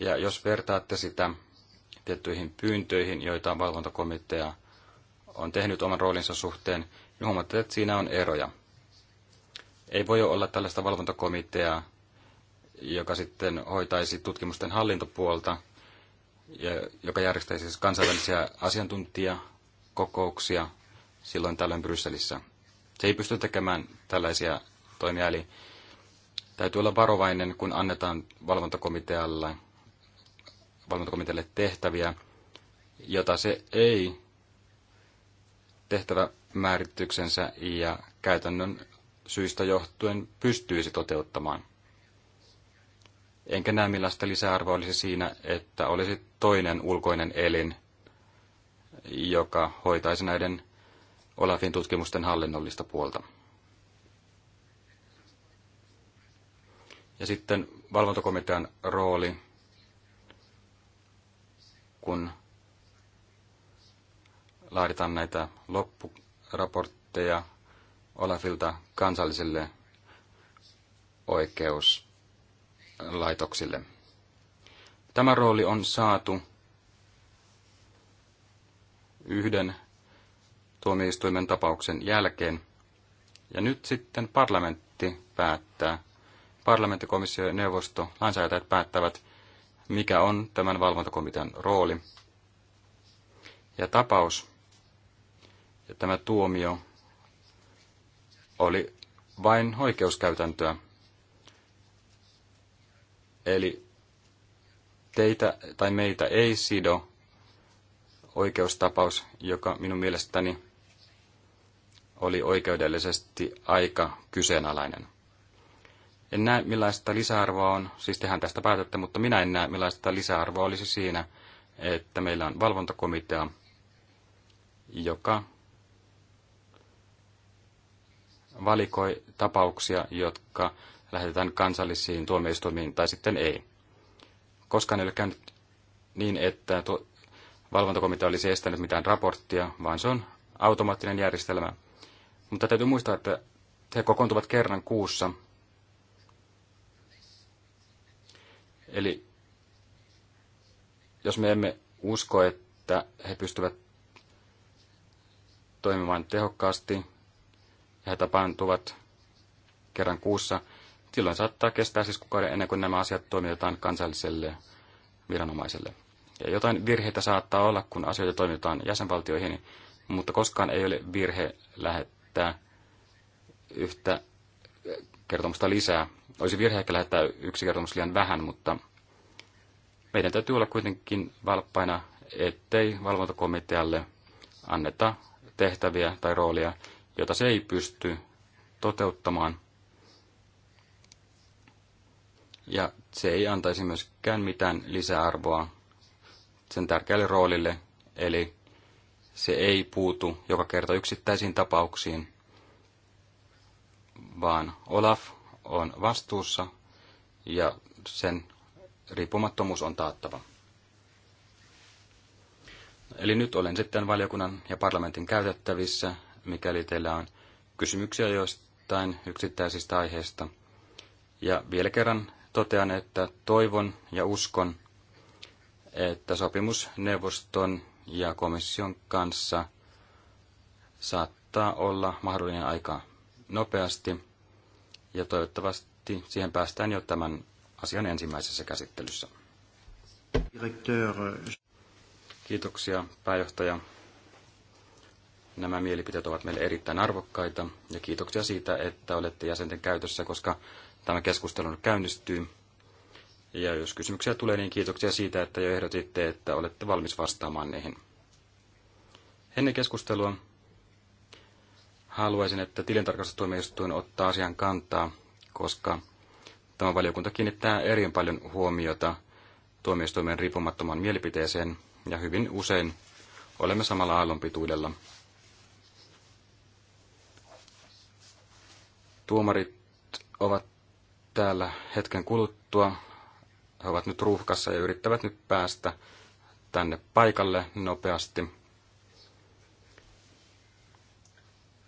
ja jos vertaatte sitä tiettyihin pyyntöihin, joita valvontakomitea on tehnyt oman roolinsa suhteen, niin huomatte, että siinä on eroja. Ei voi olla tällaista valvontakomiteaa, joka sitten hoitaisi tutkimusten hallintopuolta, ja joka järjestäisi siis kansainvälisiä asiantuntijakokouksia silloin tällöin Brysselissä. Se ei pysty tekemään tällaisia toimia, eli täytyy olla varovainen, kun annetaan valvontakomitealle valvontakomitealle tehtäviä, jota se ei tehtävämäärityksensä ja käytännön syistä johtuen pystyisi toteuttamaan. Enkä näe millaista lisäarvoa olisi siinä, että olisi toinen ulkoinen elin, joka hoitaisi näiden Olafin tutkimusten hallinnollista puolta. Ja sitten valvontakomitean rooli kun laaditaan näitä loppuraportteja Olafilta kansallisille oikeuslaitoksille. Tämä rooli on saatu yhden tuomioistuimen tapauksen jälkeen. Ja nyt sitten parlamentti päättää, parlamenttikomissio ja neuvosto, lainsäätäjät päättävät, mikä on tämän valvontakomitean rooli. Ja tapaus ja tämä tuomio oli vain oikeuskäytäntöä. Eli teitä tai meitä ei sido oikeustapaus, joka minun mielestäni oli oikeudellisesti aika kyseenalainen. En näe, millaista lisäarvoa on, siis tehän tästä päätätte, mutta minä en näe, millaista lisäarvoa olisi siinä, että meillä on valvontakomitea, joka valikoi tapauksia, jotka lähetetään kansallisiin tuomioistuimiin tai sitten ei. Koskaan ei ole käynyt niin, että tuo valvontakomitea olisi estänyt mitään raporttia, vaan se on automaattinen järjestelmä. Mutta täytyy muistaa, että he kokoontuvat kerran kuussa Eli jos me emme usko, että he pystyvät toimimaan tehokkaasti ja he tapaantuvat kerran kuussa, silloin saattaa kestää siis kuukauden ennen kuin nämä asiat toimitetaan kansalliselle viranomaiselle. Ja jotain virheitä saattaa olla, kun asioita toimitetaan jäsenvaltioihin, mutta koskaan ei ole virhe lähettää yhtä kertomusta lisää olisi virhe ehkä lähettää yksi kertomus liian vähän, mutta meidän täytyy olla kuitenkin valppaina, ettei valvontakomitealle anneta tehtäviä tai roolia, jota se ei pysty toteuttamaan. Ja se ei antaisi myöskään mitään lisäarvoa sen tärkeälle roolille, eli se ei puutu joka kerta yksittäisiin tapauksiin, vaan Olaf on vastuussa ja sen riippumattomuus on taattava. Eli nyt olen sitten valiokunnan ja parlamentin käytettävissä, mikäli teillä on kysymyksiä joistain yksittäisistä aiheista. Ja vielä kerran totean, että toivon ja uskon, että sopimusneuvoston ja komission kanssa saattaa olla mahdollinen aika nopeasti ja toivottavasti siihen päästään jo tämän asian ensimmäisessä käsittelyssä. Euh, kiitoksia pääjohtaja. Nämä mielipiteet ovat meille erittäin arvokkaita ja kiitoksia siitä, että olette jäsenten käytössä, koska tämä keskustelu nyt käynnistyy. Ja jos kysymyksiä tulee, niin kiitoksia siitä, että jo ehdotitte, että olette valmis vastaamaan niihin. Ennen keskustelua haluaisin, että tilintarkastustuomioistuin ottaa asian kantaa, koska tämä valiokunta kiinnittää erin paljon huomiota tuomioistuimen riippumattoman mielipiteeseen ja hyvin usein olemme samalla aallonpituudella. Tuomarit ovat täällä hetken kuluttua. He ovat nyt ruuhkassa ja yrittävät nyt päästä tänne paikalle nopeasti.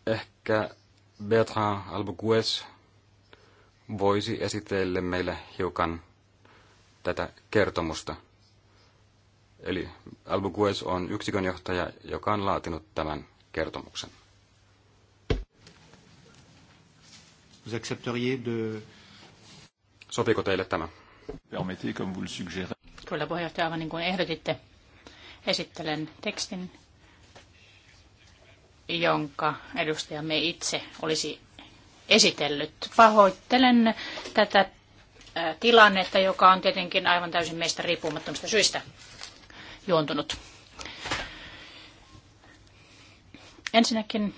Ehkä Bertrand Albuquerque voisi esitellä meille hiukan tätä kertomusta. Eli Albuquerque on yksikönjohtaja, joka on laatinut tämän kertomuksen. Vous accepteriez de... Sopiiko teille tämä? Permettez, comme vous le suggérez. Kyllä puheenjohtaja, aivan niin kuin ehdotitte, esittelen tekstin jonka edustajamme itse olisi esitellyt. Pahoittelen tätä äh, tilannetta, joka on tietenkin aivan täysin meistä riippumattomista syistä juontunut. Ensinnäkin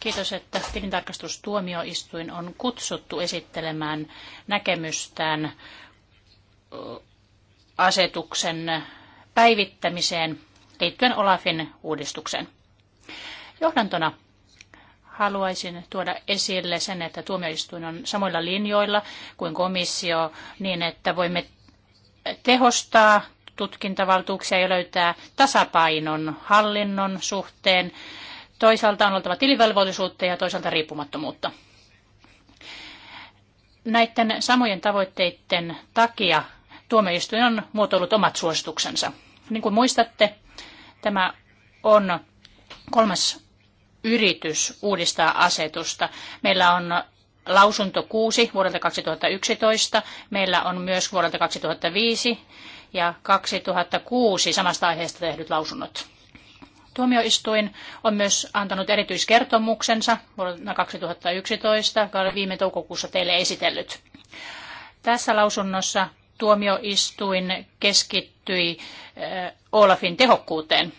kiitos, että tilintarkastustuomioistuin on kutsuttu esittelemään näkemystään äh, asetuksen päivittämiseen liittyen Olafin uudistukseen. Johdantona haluaisin tuoda esille sen, että tuomioistuin on samoilla linjoilla kuin komissio niin, että voimme tehostaa tutkintavaltuuksia ja löytää tasapainon hallinnon suhteen. Toisaalta on oltava tilivelvollisuutta ja toisaalta riippumattomuutta. Näiden samojen tavoitteiden takia tuomioistuin on muotoillut omat suosituksensa. Niin kuin muistatte, tämä on kolmas yritys uudistaa asetusta. Meillä on lausunto 6 vuodelta 2011, meillä on myös vuodelta 2005 ja 2006 samasta aiheesta tehdyt lausunnot. Tuomioistuin on myös antanut erityiskertomuksensa vuonna 2011, joka oli viime toukokuussa teille esitellyt. Tässä lausunnossa tuomioistuin keskittyi Olafin tehokkuuteen.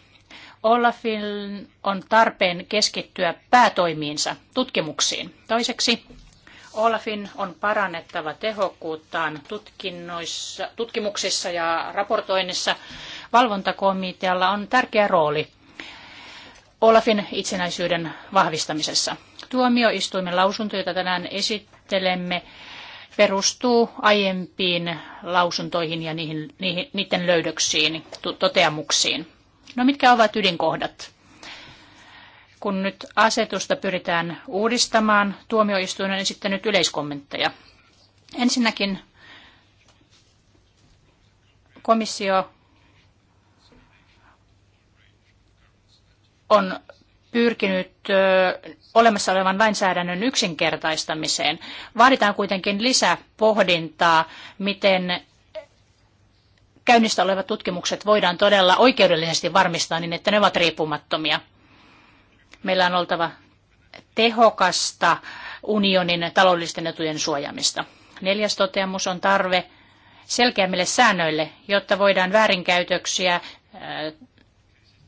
Olafin on tarpeen keskittyä päätoimiinsa, tutkimuksiin. Toiseksi Olafin on parannettava tehokkuuttaan tutkinnoissa, tutkimuksissa ja raportoinnissa. Valvontakomitealla on tärkeä rooli Olafin itsenäisyyden vahvistamisessa. Tuomioistuimen lausunto, jota tänään esittelemme, perustuu aiempiin lausuntoihin ja niihin, niihin, niiden löydöksiin, toteamuksiin. No mitkä ovat ydinkohdat? Kun nyt asetusta pyritään uudistamaan, tuomioistuin on esittänyt yleiskommentteja. Ensinnäkin komissio on pyrkinyt olemassa olevan lainsäädännön yksinkertaistamiseen. Vaaditaan kuitenkin lisää pohdintaa, miten käynnissä olevat tutkimukset voidaan todella oikeudellisesti varmistaa niin, että ne ovat riippumattomia. Meillä on oltava tehokasta unionin taloudellisten etujen suojaamista. Neljäs toteamus on tarve selkeämmille säännöille, jotta voidaan väärinkäytöksiä äh,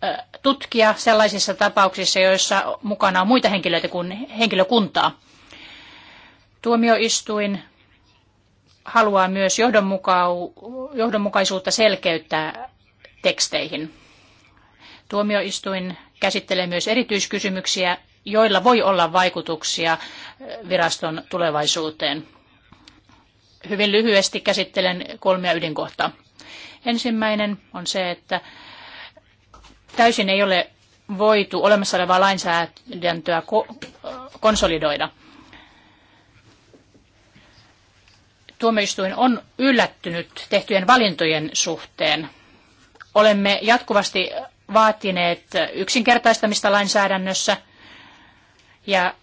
äh, tutkia sellaisissa tapauksissa, joissa mukana on muita henkilöitä kuin henkilökuntaa. Tuomioistuin haluaa myös johdonmukaisuutta selkeyttää teksteihin. Tuomioistuin käsittelee myös erityiskysymyksiä, joilla voi olla vaikutuksia eh, viraston tulevaisuuteen. Hyvin lyhyesti käsittelen kolmea ydinkohtaa. Ensimmäinen on se, että täysin ei ole voitu olemassa olevaa lainsäädäntöä konsolidoida – tuomioistuin on yllättynyt tehtyjen valintojen suhteen. Olemme jatkuvasti vaatineet yksinkertaistamista lainsäädännössä ja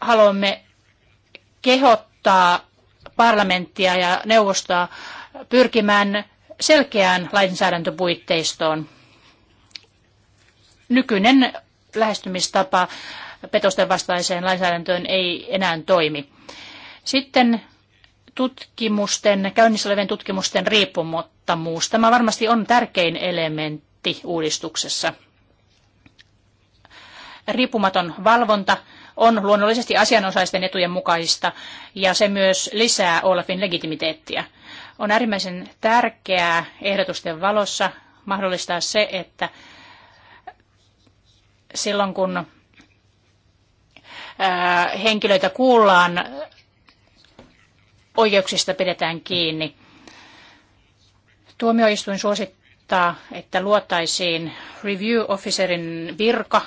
haluamme kehottaa parlamenttia ja neuvostoa pyrkimään selkeään lainsäädäntöpuitteistoon. Nykyinen lähestymistapa petosten vastaiseen lainsäädäntöön ei enää toimi. Sitten tutkimusten, käynnissä olevien tutkimusten riippumattomuus. Tämä varmasti on tärkein elementti uudistuksessa. Riippumaton valvonta on luonnollisesti asianosaisten etujen mukaista ja se myös lisää Olafin legitimiteettiä. On äärimmäisen tärkeää ehdotusten valossa mahdollistaa se, että silloin kun henkilöitä kuullaan oikeuksista pidetään kiinni. Tuomioistuin suosittaa, että luotaisiin review officerin virka.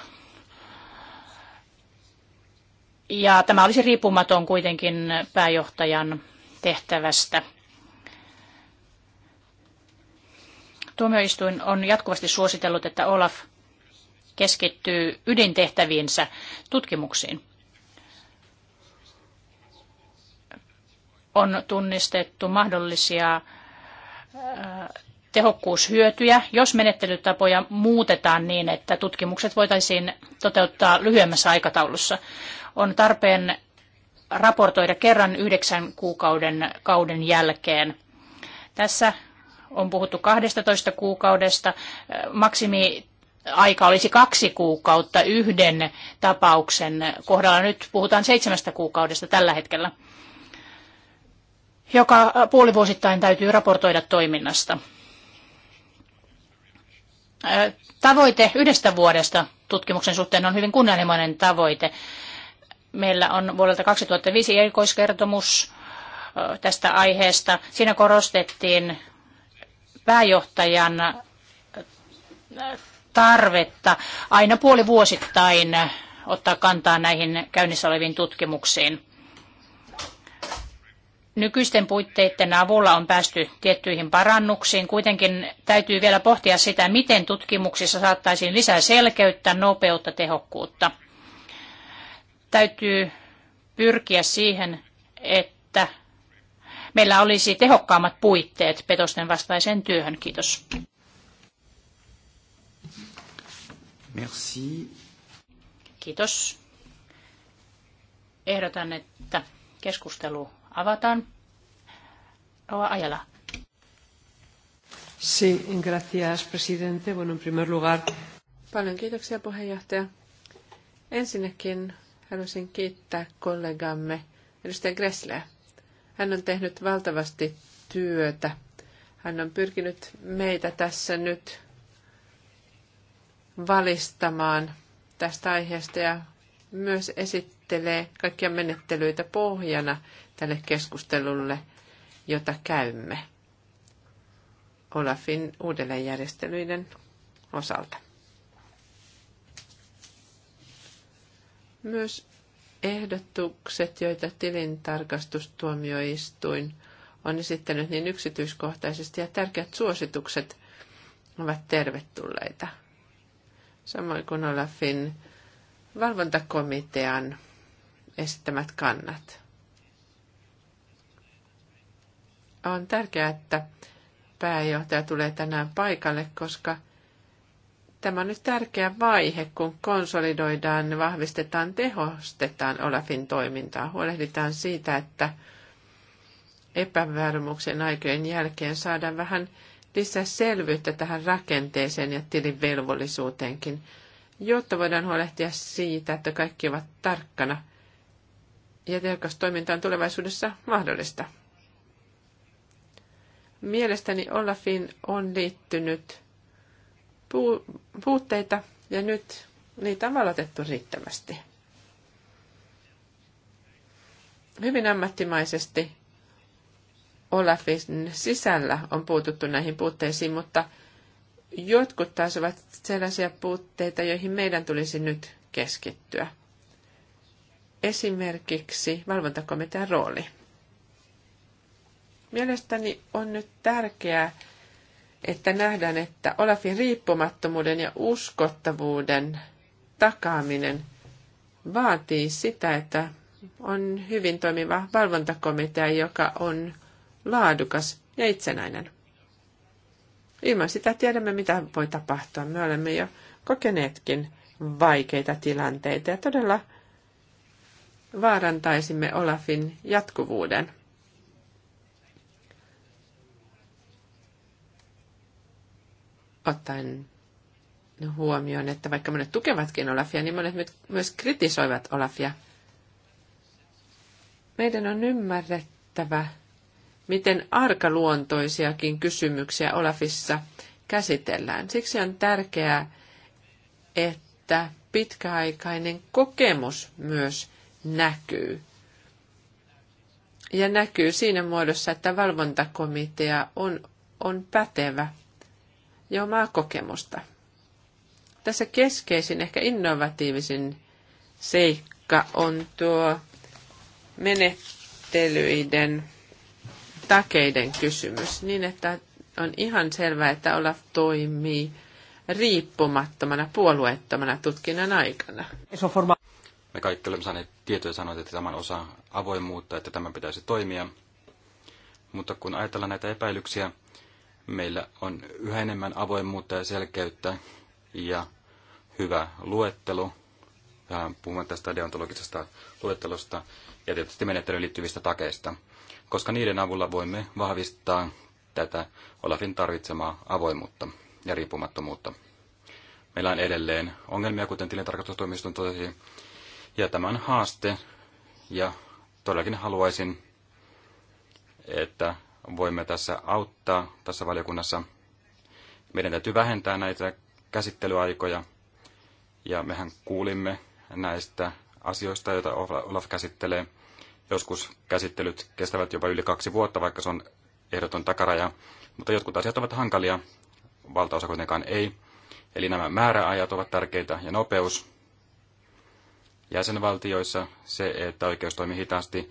Ja tämä olisi riippumaton kuitenkin pääjohtajan tehtävästä. Tuomioistuin on jatkuvasti suositellut, että Olaf keskittyy ydintehtäviinsä tutkimuksiin. on tunnistettu mahdollisia äh, tehokkuushyötyjä, jos menettelytapoja muutetaan niin, että tutkimukset voitaisiin toteuttaa lyhyemmässä aikataulussa. On tarpeen raportoida kerran yhdeksän kuukauden kauden jälkeen. Tässä on puhuttu 12 kuukaudesta. Maksimi aika olisi kaksi kuukautta yhden tapauksen kohdalla. Nyt puhutaan seitsemästä kuukaudesta tällä hetkellä joka puolivuosittain täytyy raportoida toiminnasta. Tavoite yhdestä vuodesta tutkimuksen suhteen on hyvin kunnianhimoinen tavoite. Meillä on vuodelta 2005 erikoiskertomus tästä aiheesta. Siinä korostettiin pääjohtajan tarvetta aina puoli vuosittain ottaa kantaa näihin käynnissä oleviin tutkimuksiin nykyisten puitteiden avulla on päästy tiettyihin parannuksiin. Kuitenkin täytyy vielä pohtia sitä, miten tutkimuksissa saattaisiin lisää selkeyttä, nopeutta, tehokkuutta. Täytyy pyrkiä siihen, että meillä olisi tehokkaammat puitteet petosten vastaiseen työhön. Kiitos. Merci. Kiitos. Ehdotan, että keskustelu avataan. Oa Ajala. Sí, gracias, presidente. Bueno, en primer lugar... Paljon kiitoksia, puheenjohtaja. Ensinnäkin haluaisin kiittää kollegamme edustaja Gressleä. Hän on tehnyt valtavasti työtä. Hän on pyrkinyt meitä tässä nyt valistamaan tästä aiheesta ja myös esittämään esittelee kaikkia menettelyitä pohjana tälle keskustelulle, jota käymme Olafin uudelleenjärjestelyiden osalta. Myös ehdotukset, joita tilintarkastustuomioistuin on esittänyt niin yksityiskohtaisesti ja tärkeät suositukset ovat tervetulleita. Samoin kuin Olafin valvontakomitean esittämät kannat. On tärkeää, että pääjohtaja tulee tänään paikalle, koska tämä on nyt tärkeä vaihe, kun konsolidoidaan, vahvistetaan, tehostetaan Olafin toimintaa. Huolehditaan siitä, että epävarmuuksien aikojen jälkeen saadaan vähän lisää selvyyttä tähän rakenteeseen ja tilin velvollisuuteenkin, jotta voidaan huolehtia siitä, että kaikki ovat tarkkana – ja tehokas toiminta on tulevaisuudessa mahdollista. Mielestäni Olafin on liittynyt puutteita ja nyt niitä on valotettu riittävästi. Hyvin ammattimaisesti Olafin sisällä on puututtu näihin puutteisiin, mutta jotkut taas ovat sellaisia puutteita, joihin meidän tulisi nyt keskittyä esimerkiksi valvontakomitean rooli. Mielestäni on nyt tärkeää, että nähdään, että Olafin riippumattomuuden ja uskottavuuden takaaminen vaatii sitä, että on hyvin toimiva valvontakomitea, joka on laadukas ja itsenäinen. Ilman sitä tiedämme, mitä voi tapahtua. Me olemme jo kokeneetkin vaikeita tilanteita ja todella vaarantaisimme Olafin jatkuvuuden. Ottaen huomioon, että vaikka monet tukevatkin Olafia, niin monet myös kritisoivat Olafia. Meidän on ymmärrettävä, miten arkaluontoisiakin kysymyksiä Olafissa käsitellään. Siksi on tärkeää, että pitkäaikainen kokemus myös näkyy. Ja näkyy siinä muodossa, että valvontakomitea on, on pätevä ja omaa kokemusta. Tässä keskeisin, ehkä innovatiivisin seikka on tuo menettelyiden takeiden kysymys, niin että on ihan selvää, että Olaf toimii riippumattomana, puolueettomana tutkinnan aikana. Me kaikki olemme saaneet tietoja sanoa, että tämä on osa avoimuutta, että tämän pitäisi toimia. Mutta kun ajatellaan näitä epäilyksiä, meillä on yhä enemmän avoimuutta ja selkeyttä ja hyvä luettelu. puhumme tästä deontologisesta luettelosta ja tietysti menettelyyn liittyvistä takeista, koska niiden avulla voimme vahvistaa tätä Olafin tarvitsemaa avoimuutta ja riippumattomuutta. Meillä on edelleen ongelmia, kuten tilintarkastustoimiston totesi, ja tämän haaste, ja todellakin haluaisin, että voimme tässä auttaa tässä valiokunnassa. Meidän täytyy vähentää näitä käsittelyaikoja, ja mehän kuulimme näistä asioista, joita Olaf käsittelee. Joskus käsittelyt kestävät jopa yli kaksi vuotta, vaikka se on ehdoton takaraja, mutta jotkut asiat ovat hankalia, valtaosa kuitenkaan ei. Eli nämä määräajat ovat tärkeitä ja nopeus jäsenvaltioissa se, että oikeus toimii hitaasti,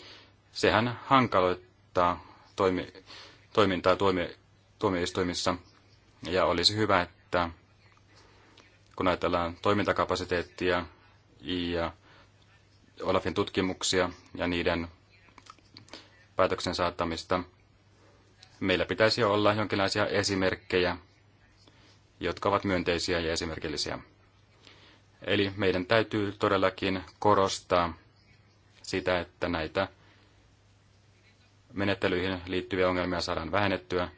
sehän hankaloittaa toimi, toimintaa tuomi, tuomioistuimissa. Ja olisi hyvä, että kun ajatellaan toimintakapasiteettia ja Olafin tutkimuksia ja niiden päätöksen saattamista, meillä pitäisi olla jonkinlaisia esimerkkejä, jotka ovat myönteisiä ja esimerkillisiä. Eli meidän täytyy todellakin korostaa sitä, että näitä menettelyihin liittyviä ongelmia saadaan vähennettyä.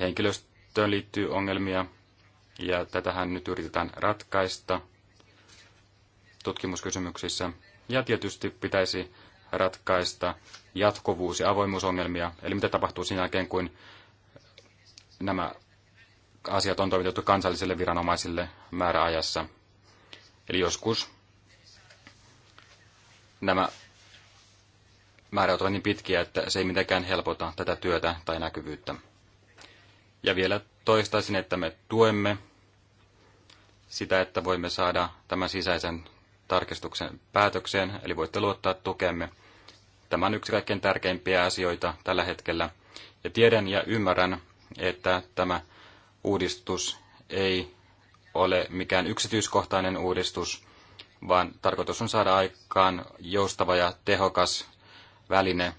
Henkilöstöön liittyy ongelmia, ja tätähän nyt yritetään ratkaista tutkimuskysymyksissä. Ja tietysti pitäisi ratkaista jatkuvuus- ja avoimuusongelmia, eli mitä tapahtuu sen jälkeen, kun nämä asiat on toimitettu kansallisille viranomaisille määräajassa. Eli joskus nämä määrät ovat niin pitkiä, että se ei mitenkään helpota tätä työtä tai näkyvyyttä. Ja vielä toistaisin, että me tuemme sitä, että voimme saada tämän sisäisen tarkistuksen päätökseen, eli voitte luottaa tukemme. Tämä on yksi kaikkein tärkeimpiä asioita tällä hetkellä. Ja tiedän ja ymmärrän, että tämä uudistus ei ole mikään yksityiskohtainen uudistus, vaan tarkoitus on saada aikaan joustava ja tehokas väline,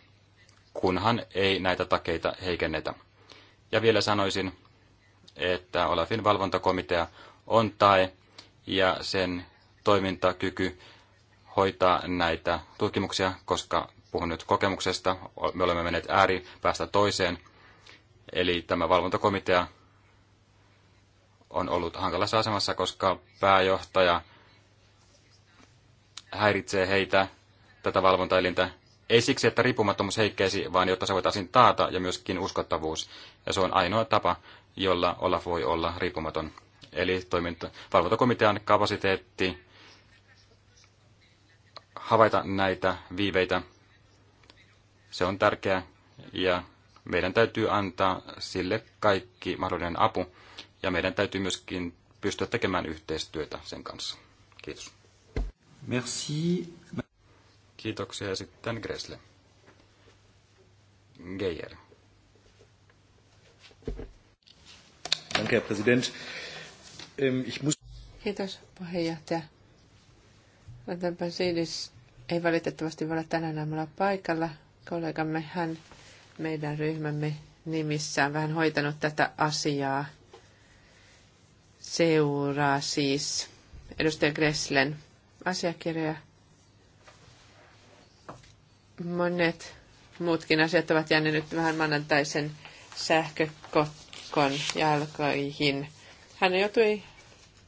kunhan ei näitä takeita heikennetä. Ja vielä sanoisin, että Olafin valvontakomitea on tae ja sen toimintakyky hoitaa näitä tutkimuksia, koska puhun nyt kokemuksesta, me olemme menneet ääripäästä toiseen. Eli tämä valvontakomitea on ollut hankalassa asemassa, koska pääjohtaja häiritsee heitä, tätä valvontaelintä, ei siksi, että riippumattomuus heikkeisi, vaan jotta se voitaisiin taata ja myöskin uskottavuus. Ja se on ainoa tapa, jolla Olaf voi olla riippumaton. Eli toiminta, valvontakomitean kapasiteetti havaita näitä viiveitä, se on tärkeää ja meidän täytyy antaa sille kaikki mahdollinen apu, ja meidän täytyy myöskin pystyä tekemään yhteistyötä sen kanssa. Kiitos. Merci. Kiitoksia ja sitten Gresle. Geijer. Danke, Herr Präsident. Ähm, ich muss... Kiitos, puheenjohtaja. Antan Basilis ei valitettavasti ole tänään aamulla paikalla. Kollegamme hän meidän ryhmämme nimissään vähän hoitanut tätä asiaa seuraa siis edustaja Gresslen asiakirjoja. Monet muutkin asiat ovat jääneet vähän maanantaisen sähkökotkon jalkoihin. Hän joutui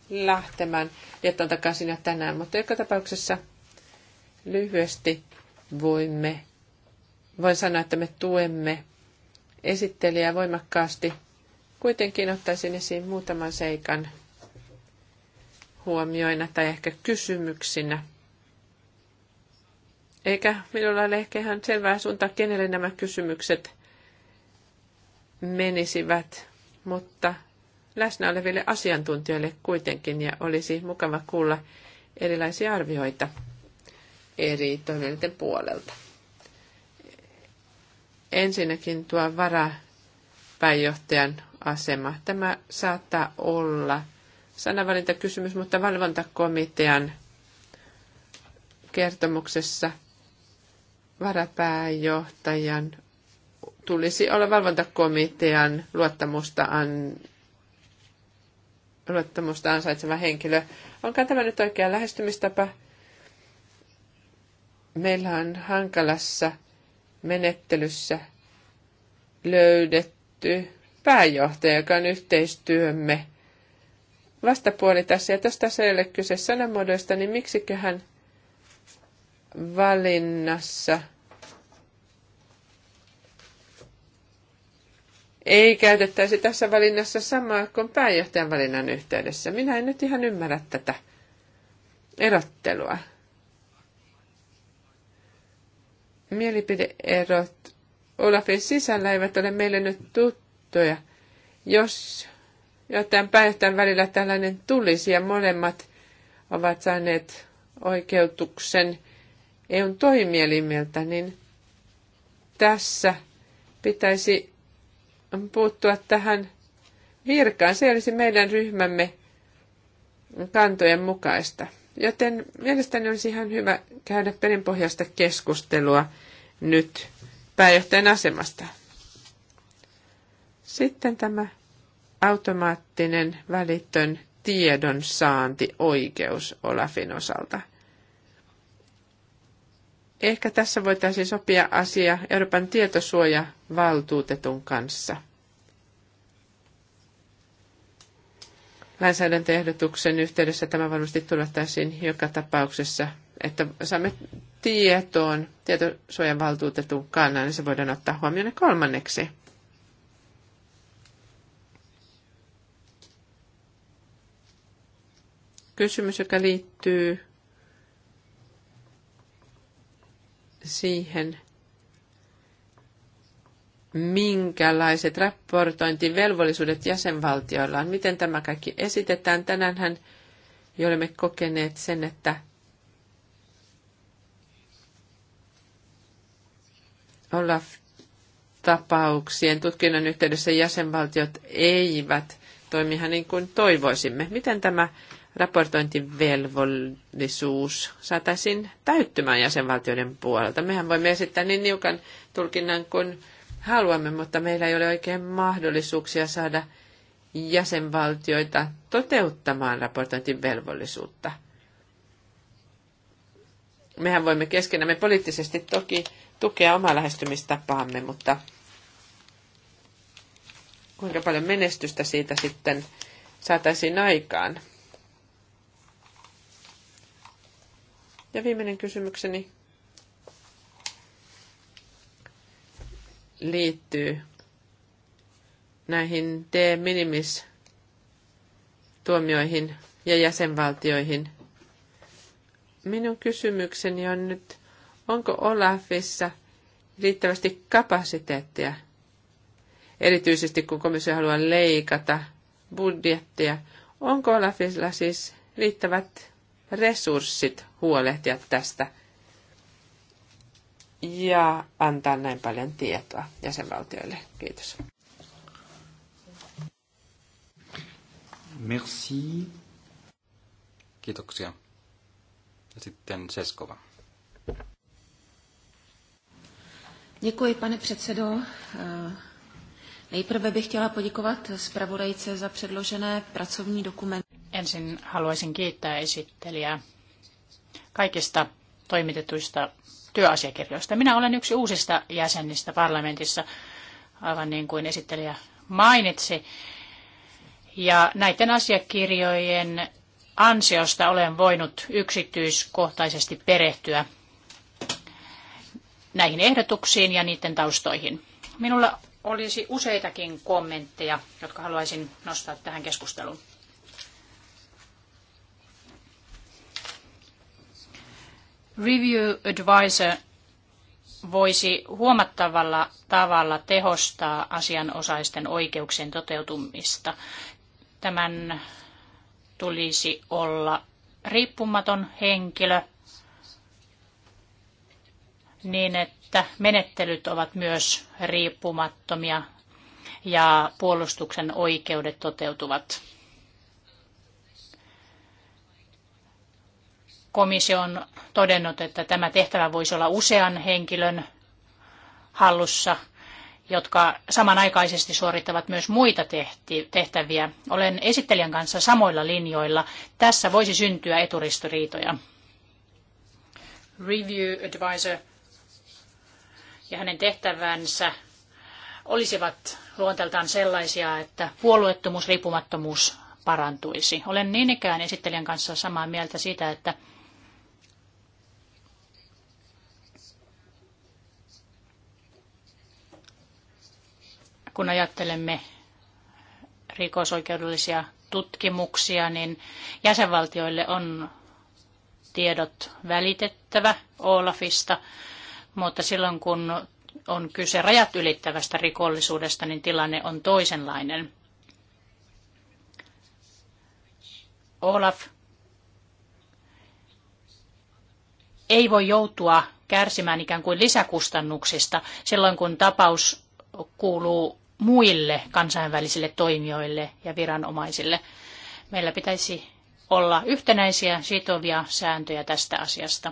lähtemään Liettuan takaisin jo tänään, mutta joka tapauksessa lyhyesti voimme, voin sanoa, että me tuemme esittelijää voimakkaasti – Kuitenkin ottaisin esiin muutaman seikan huomioina tai ehkä kysymyksinä. Eikä minulla ole ehkä ihan selvää suuntaa, kenelle nämä kysymykset menisivät, mutta läsnä oleville asiantuntijoille kuitenkin ja olisi mukava kuulla erilaisia arvioita eri toimijoiden puolelta. Ensinnäkin tuo vara pääjohtajan asema. Tämä saattaa olla sanavalintakysymys, mutta valvontakomitean kertomuksessa varapääjohtajan tulisi olla valvontakomitean luottamusta, an, luottamusta ansaitseva henkilö. Onko tämä nyt oikea lähestymistapa? Meillä on hankalassa menettelyssä löydetty liittyy pääjohtaja, joka on yhteistyömme vastapuoli tässä. Ja tästä se ei ole kyse sanamuodoista, niin miksiköhän valinnassa ei käytettäisi tässä valinnassa samaa kuin pääjohtajan valinnan yhteydessä. Minä en nyt ihan ymmärrä tätä erottelua. Mielipideerot Olafin sisällä eivät ole meille nyt tuttuja. Jos jotain pääjohtajan välillä tällainen tulisi ja molemmat ovat saaneet oikeutuksen EUn toimielimiltä, niin tässä pitäisi puuttua tähän virkaan. Se olisi meidän ryhmämme kantojen mukaista. Joten mielestäni olisi ihan hyvä käydä perinpohjaista keskustelua nyt pääjohtajan asemasta. Sitten tämä automaattinen välitön tiedon saantioikeus Olafin osalta. Ehkä tässä voitaisiin sopia asia Euroopan tietosuojavaltuutetun kanssa. Lainsäädäntöehdotuksen yhteydessä tämä varmasti tulottaisiin joka tapauksessa, että saamme tietoon, tietosuojan valtuutetun kannan, niin se voidaan ottaa huomioon kolmanneksi. Kysymys, joka liittyy siihen, minkälaiset raportointivelvollisuudet jäsenvaltioilla on, miten tämä kaikki esitetään. Tänäänhän jo olemme kokeneet sen, että Olaf-tapauksien tutkinnan yhteydessä jäsenvaltiot eivät toimi ihan niin kuin toivoisimme. Miten tämä raportointivelvollisuus saataisiin täyttymään jäsenvaltioiden puolelta? Mehän voimme esittää niin niukan tulkinnan kuin haluamme, mutta meillä ei ole oikein mahdollisuuksia saada jäsenvaltioita toteuttamaan raportointivelvollisuutta. Mehän voimme keskenämme poliittisesti toki tukea omaa lähestymistapaamme, mutta kuinka paljon menestystä siitä sitten saataisiin aikaan. Ja viimeinen kysymykseni liittyy näihin de minimis tuomioihin ja jäsenvaltioihin. Minun kysymykseni on nyt Onko Olafissa riittävästi kapasiteettia, erityisesti kun komissio haluaa leikata budjettia? Onko Olafilla siis riittävät resurssit huolehtia tästä ja antaa näin paljon tietoa jäsenvaltioille? Kiitos. Merci. Kiitoksia. Ja sitten Seskova. Děkuji, pane předsedo. Eh, nejprve bych chtěla poděkovat zpravodajce za předložené pracovní dokumenty. Ensin haluaisin kiittää esittelijää kaikista toimitetuista työasiakirjoista. Minä olen yksi uusista jäsenistä parlamentissa, aivan niin kuin esittelijä mainitsi. Ja näiden asiakirjojen ansiosta olen voinut yksityiskohtaisesti perehtyä näihin ehdotuksiin ja niiden taustoihin. Minulla olisi useitakin kommentteja, jotka haluaisin nostaa tähän keskusteluun. Review Advisor voisi huomattavalla tavalla tehostaa asianosaisten oikeuksien toteutumista. Tämän tulisi olla riippumaton henkilö, niin, että menettelyt ovat myös riippumattomia ja puolustuksen oikeudet toteutuvat. Komissio on todennut, että tämä tehtävä voisi olla usean henkilön hallussa, jotka samanaikaisesti suorittavat myös muita tehtäviä. Olen esittelijän kanssa samoilla linjoilla. Tässä voisi syntyä eturistoriitoja. Review Advisor ja hänen tehtävänsä olisivat luonteeltaan sellaisia, että puolueettomuus, riippumattomuus parantuisi. Olen niin ikään esittelijän kanssa samaa mieltä siitä, että kun ajattelemme rikosoikeudellisia tutkimuksia, niin jäsenvaltioille on tiedot välitettävä Olafista mutta silloin kun on kyse rajat ylittävästä rikollisuudesta, niin tilanne on toisenlainen. Olaf ei voi joutua kärsimään ikään kuin lisäkustannuksista silloin, kun tapaus kuuluu muille kansainvälisille toimijoille ja viranomaisille. Meillä pitäisi olla yhtenäisiä sitovia sääntöjä tästä asiasta.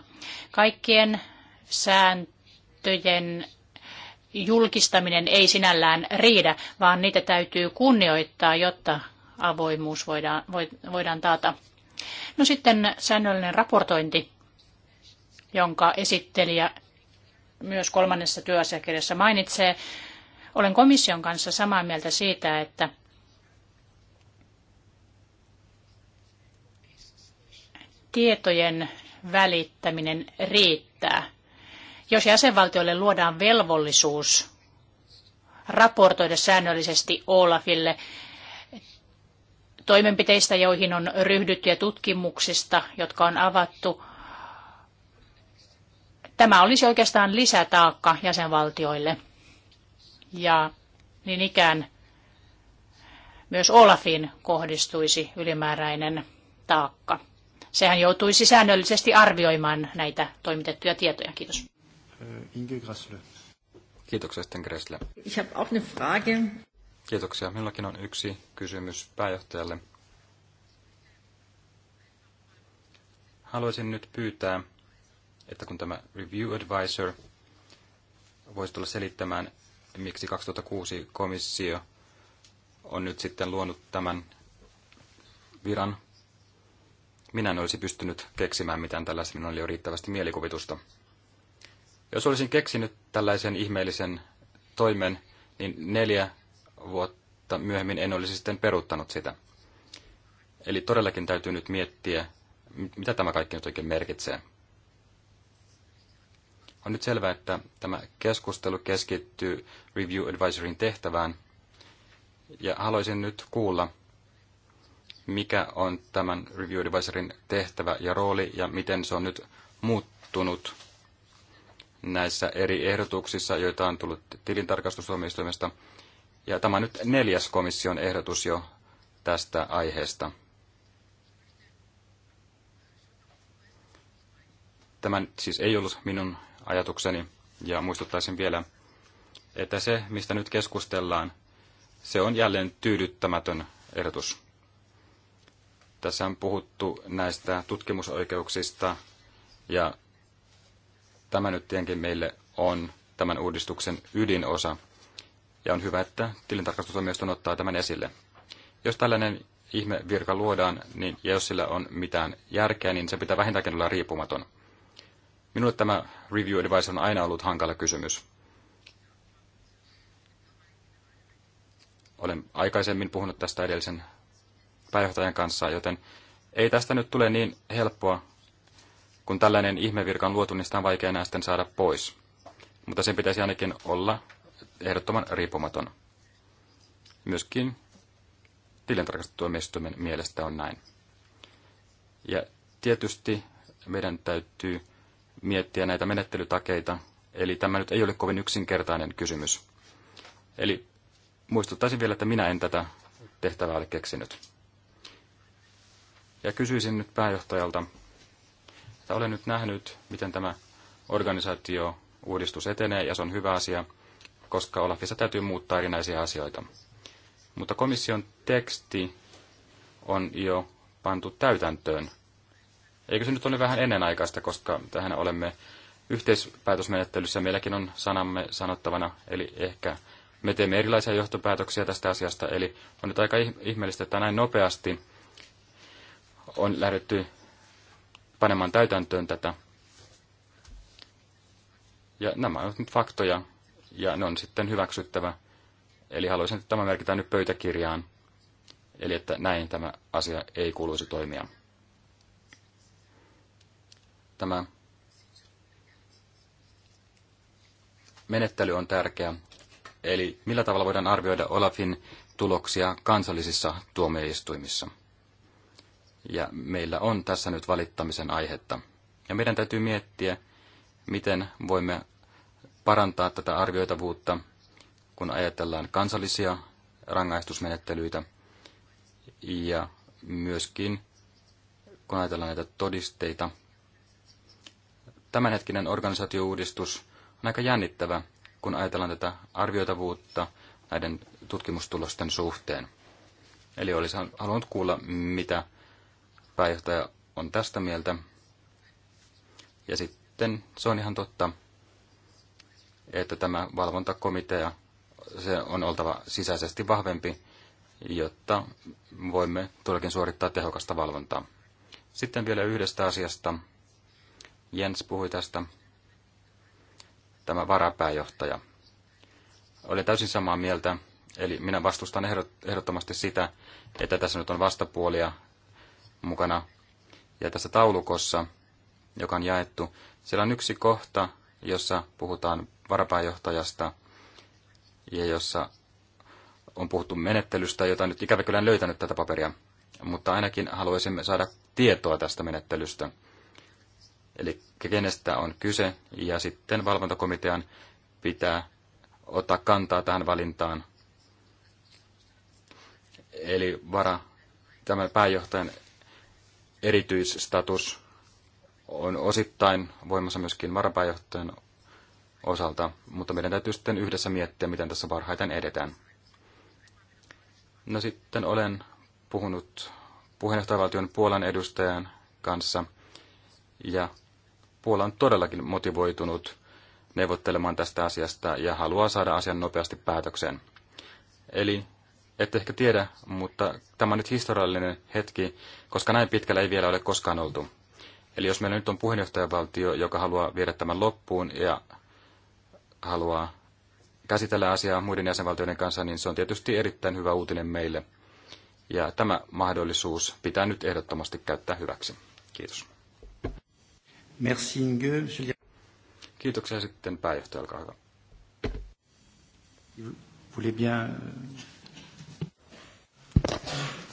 Kaikkien sääntöjen sääntöjen julkistaminen ei sinällään riidä, vaan niitä täytyy kunnioittaa, jotta avoimuus voidaan, voidaan taata. No sitten säännöllinen raportointi, jonka esittelijä myös kolmannessa työasiakirjassa mainitsee. Olen komission kanssa samaa mieltä siitä, että tietojen välittäminen riittää. Jos jäsenvaltioille luodaan velvollisuus raportoida säännöllisesti Olafille toimenpiteistä, joihin on ryhdytty ja tutkimuksista, jotka on avattu, tämä olisi oikeastaan lisätaakka jäsenvaltioille. Ja niin ikään myös Olafin kohdistuisi ylimääräinen taakka. Sehän joutuisi säännöllisesti arvioimaan näitä toimitettuja tietoja. Kiitos. Eh, Inge Grassle. Kiitoksia sitten Gressle. Ich habe auch eine Frage. Kiitoksia. Minullakin on yksi kysymys pääjohtajalle. Haluaisin nyt pyytää, että kun tämä Review Advisor voisi tulla selittämään, miksi 2006 komissio on nyt sitten luonut tämän viran. Minä en olisi pystynyt keksimään mitään tällaista, minulla oli jo riittävästi mielikuvitusta. Jos olisin keksinyt tällaisen ihmeellisen toimen, niin neljä vuotta myöhemmin en olisi sitten peruuttanut sitä. Eli todellakin täytyy nyt miettiä, mitä tämä kaikki nyt oikein merkitsee. On nyt selvää, että tämä keskustelu keskittyy Review Advisorin tehtävään, ja haluaisin nyt kuulla, mikä on tämän Review Advisorin tehtävä ja rooli, ja miten se on nyt muuttunut näissä eri ehdotuksissa, joita on tullut tilintarkastustuomioistuimesta. Ja tämä on nyt neljäs komission ehdotus jo tästä aiheesta. Tämä siis ei ollut minun ajatukseni, ja muistuttaisin vielä, että se, mistä nyt keskustellaan, se on jälleen tyydyttämätön ehdotus. Tässä on puhuttu näistä tutkimusoikeuksista ja Tämä nyt tietenkin meille on tämän uudistuksen ydinosa, ja on hyvä, että tilintarkastustoimiston ottaa tämän esille. Jos tällainen ihme virka luodaan, niin ja jos sillä on mitään järkeä, niin se pitää vähintäänkin olla riippumaton. Minulle tämä review advice on aina ollut hankala kysymys. Olen aikaisemmin puhunut tästä edellisen pääjohtajan kanssa, joten ei tästä nyt tule niin helppoa kun tällainen ihmevirka on luotu, niin sitä on vaikea enää sitten saada pois. Mutta sen pitäisi ainakin olla ehdottoman riippumaton. Myöskin tilintarkastustuomioistuimen mielestä on näin. Ja tietysti meidän täytyy miettiä näitä menettelytakeita, eli tämä nyt ei ole kovin yksinkertainen kysymys. Eli muistuttaisin vielä, että minä en tätä tehtävää ole keksinyt. Ja kysyisin nyt pääjohtajalta, että olen nyt nähnyt, miten tämä organisaatio uudistus etenee, ja se on hyvä asia, koska Olafissa täytyy muuttaa erinäisiä asioita. Mutta komission teksti on jo pantu täytäntöön. Eikö se nyt ole vähän ennenaikaista, koska tähän olemme yhteispäätösmenettelyssä meilläkin on sanamme sanottavana, eli ehkä me teemme erilaisia johtopäätöksiä tästä asiasta, eli on nyt aika ihmeellistä, että näin nopeasti on lähdetty panemaan täytäntöön tätä. Ja nämä ovat nyt faktoja, ja ne on sitten hyväksyttävä. Eli haluaisin, että tämä merkitään nyt pöytäkirjaan, eli että näin tämä asia ei kuuluisi toimia. Tämä menettely on tärkeä, eli millä tavalla voidaan arvioida Olafin tuloksia kansallisissa tuomioistuimissa ja meillä on tässä nyt valittamisen aihetta. Ja meidän täytyy miettiä, miten voimme parantaa tätä arvioitavuutta, kun ajatellaan kansallisia rangaistusmenettelyitä ja myöskin kun ajatellaan näitä todisteita. Tämänhetkinen organisaatiouudistus on aika jännittävä, kun ajatellaan tätä arvioitavuutta näiden tutkimustulosten suhteen. Eli olisin halunnut kuulla, mitä pääjohtaja on tästä mieltä. Ja sitten se on ihan totta, että tämä valvontakomitea se on oltava sisäisesti vahvempi, jotta voimme todellakin suorittaa tehokasta valvontaa. Sitten vielä yhdestä asiasta. Jens puhui tästä. Tämä varapääjohtaja. Olen täysin samaa mieltä, eli minä vastustan ehdottomasti sitä, että tässä nyt on vastapuolia mukana. Ja tässä taulukossa, joka on jaettu, siellä on yksi kohta, jossa puhutaan varapääjohtajasta ja jossa on puhuttu menettelystä, jota nyt ikävä kyllä en löytänyt tätä paperia, mutta ainakin haluaisimme saada tietoa tästä menettelystä. Eli kenestä on kyse, ja sitten valvontakomitean pitää ottaa kantaa tähän valintaan. Eli vara, tämän pääjohtajan erityisstatus on osittain voimassa myöskin varapääjohtajan osalta, mutta meidän täytyy sitten yhdessä miettiä, miten tässä parhaiten edetään. No sitten olen puhunut puheenjohtajavaltion Puolan edustajan kanssa, ja Puola on todellakin motivoitunut neuvottelemaan tästä asiasta ja haluaa saada asian nopeasti päätökseen. Eli ette ehkä tiedä, mutta tämä on nyt historiallinen hetki, koska näin pitkällä ei vielä ole koskaan oltu. Eli jos meillä nyt on puheenjohtajavaltio, joka haluaa viedä tämän loppuun ja haluaa käsitellä asiaa muiden jäsenvaltioiden kanssa, niin se on tietysti erittäin hyvä uutinen meille. Ja tämä mahdollisuus pitää nyt ehdottomasti käyttää hyväksi. Kiitos. Merci, Kiitoksia sitten pääjohtaja, olkaa hyvä. Vous voulez bien euh,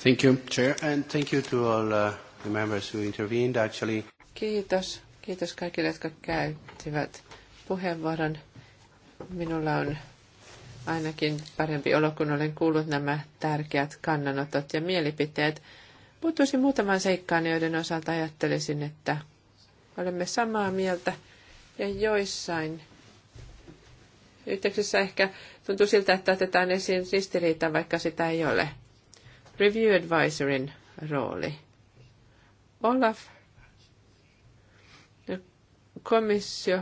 Thank you, Chair, and thank you to all uh, the members who intervened actually. Kiitos. Kiitos kaikille, jotka käyttivät puheenvuoron. Minulla on ainakin parempi olo, kun olen kuullut nämä tärkeät kannanotot ja mielipiteet. Puuttuisin muutaman seikkaan, joiden osalta ajattelisin, että olemme samaa mieltä ja joissain yhteyksissä ehkä tuntuu siltä, että otetaan esiin ristiriita, vaikka sitä ei ole – Review Advisorin rooli. Olaf ja komissio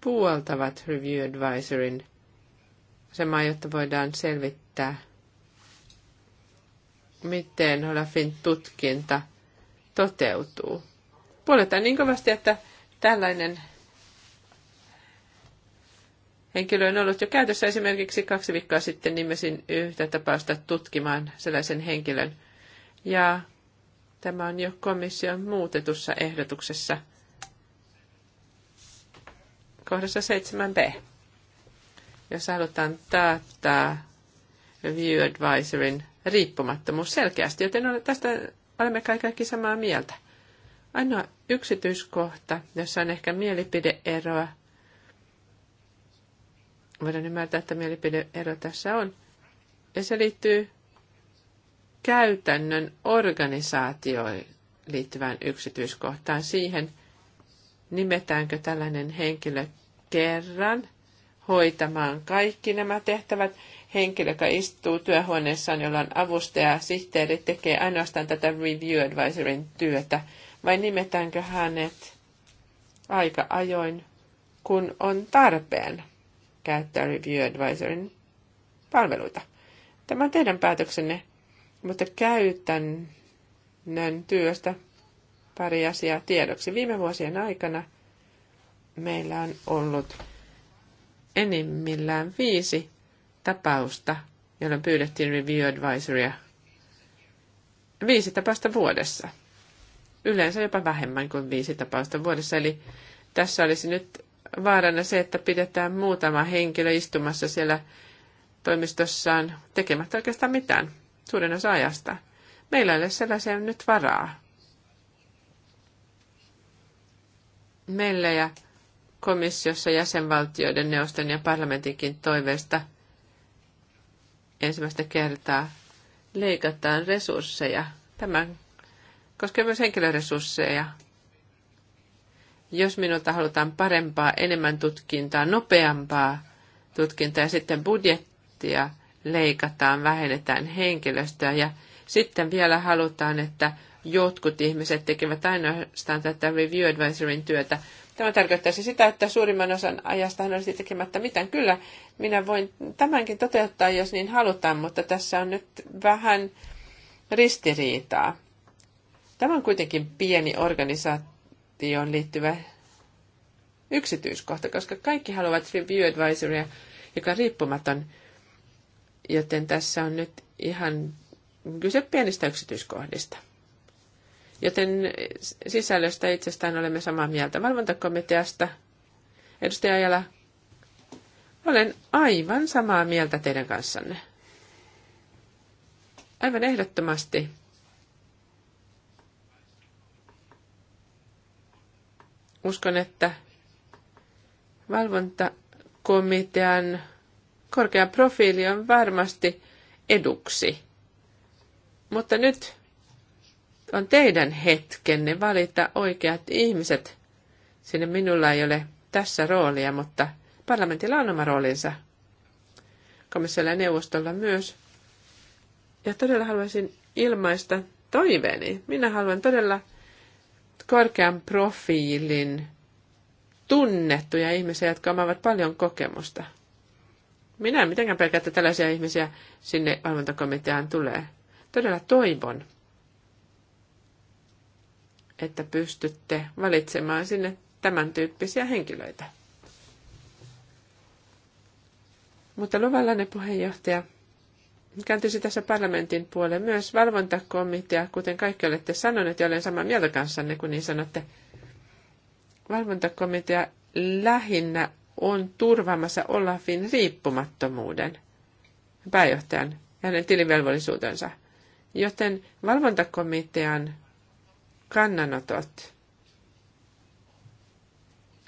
puoltavat Review Advisorin asemaa, jotta voidaan selvittää, miten Olafin tutkinta toteutuu. Puoletaan niin kovasti, että tällainen henkilö on ollut jo käytössä. Esimerkiksi kaksi viikkoa sitten nimesin yhtä tapausta tutkimaan sellaisen henkilön. Ja tämä on jo komission muutetussa ehdotuksessa kohdassa 7b. Jos halutaan taata View Advisorin riippumattomuus selkeästi, joten tästä olemme kaikki samaa mieltä. Ainoa yksityiskohta, jossa on ehkä mielipideeroa, Voidaan ymmärtää, että mielipideero tässä on. Ja se liittyy käytännön organisaatioihin liittyvään yksityiskohtaan siihen, nimetäänkö tällainen henkilö kerran hoitamaan kaikki nämä tehtävät. Henkilö, joka istuu työhuoneessaan, jolla on avustaja, sihteeri, tekee ainoastaan tätä review advisorin työtä. Vai nimetäänkö hänet aika ajoin, kun on tarpeen? käyttää Review Advisorin palveluita. Tämä on teidän päätöksenne, mutta käytännön työstä pari asiaa tiedoksi. Viime vuosien aikana meillä on ollut enimmillään viisi tapausta, jolloin pyydettiin review advisoria. Viisi tapausta vuodessa. Yleensä jopa vähemmän kuin viisi tapausta vuodessa. Eli tässä olisi nyt vaarana se, että pidetään muutama henkilö istumassa siellä toimistossaan tekemättä oikeastaan mitään suurin osa ajasta. Meillä ei ole sellaisia nyt varaa. Meillä ja komissiossa jäsenvaltioiden neuvoston ja parlamentinkin toiveesta ensimmäistä kertaa leikataan resursseja. Tämän koskee myös henkilöresursseja jos minulta halutaan parempaa, enemmän tutkintaa, nopeampaa tutkintaa ja sitten budjettia leikataan, vähennetään henkilöstöä ja sitten vielä halutaan, että jotkut ihmiset tekevät ainoastaan tätä review advisorin työtä. Tämä tarkoittaisi siis sitä, että suurimman osan ajasta hän olisi tekemättä mitään. Kyllä, minä voin tämänkin toteuttaa, jos niin halutaan, mutta tässä on nyt vähän ristiriitaa. Tämä on kuitenkin pieni organisaatio on liittyvä yksityiskohta, koska kaikki haluavat review advisoria, joka on riippumaton, joten tässä on nyt ihan kyse pienistä yksityiskohdista. Joten sisällöstä itsestään olemme samaa mieltä valvontakomiteasta. Edustaja Ajala, olen aivan samaa mieltä teidän kanssanne. Aivan ehdottomasti uskon, että valvontakomitean korkea profiili on varmasti eduksi. Mutta nyt on teidän hetkenne valita oikeat ihmiset. Sinne minulla ei ole tässä roolia, mutta parlamentilla on oma roolinsa. Komissiolla ja neuvostolla myös. Ja todella haluaisin ilmaista toiveeni. Minä haluan todella korkean profiilin tunnettuja ihmisiä, jotka omaavat paljon kokemusta. Minä en mitenkään pelkää, että tällaisia ihmisiä sinne valvontakomiteaan tulee. Todella toivon, että pystytte valitsemaan sinne tämän tyyppisiä henkilöitä. Mutta luvallanne puheenjohtaja, kääntyisin tässä parlamentin puoleen myös valvontakomitea, kuten kaikki olette sanoneet, ja olen samaa mieltä kanssanne, kun niin sanotte. Valvontakomitea lähinnä on turvaamassa Olafin riippumattomuuden pääjohtajan ja hänen tilivelvollisuutensa. Joten valvontakomitean kannanotot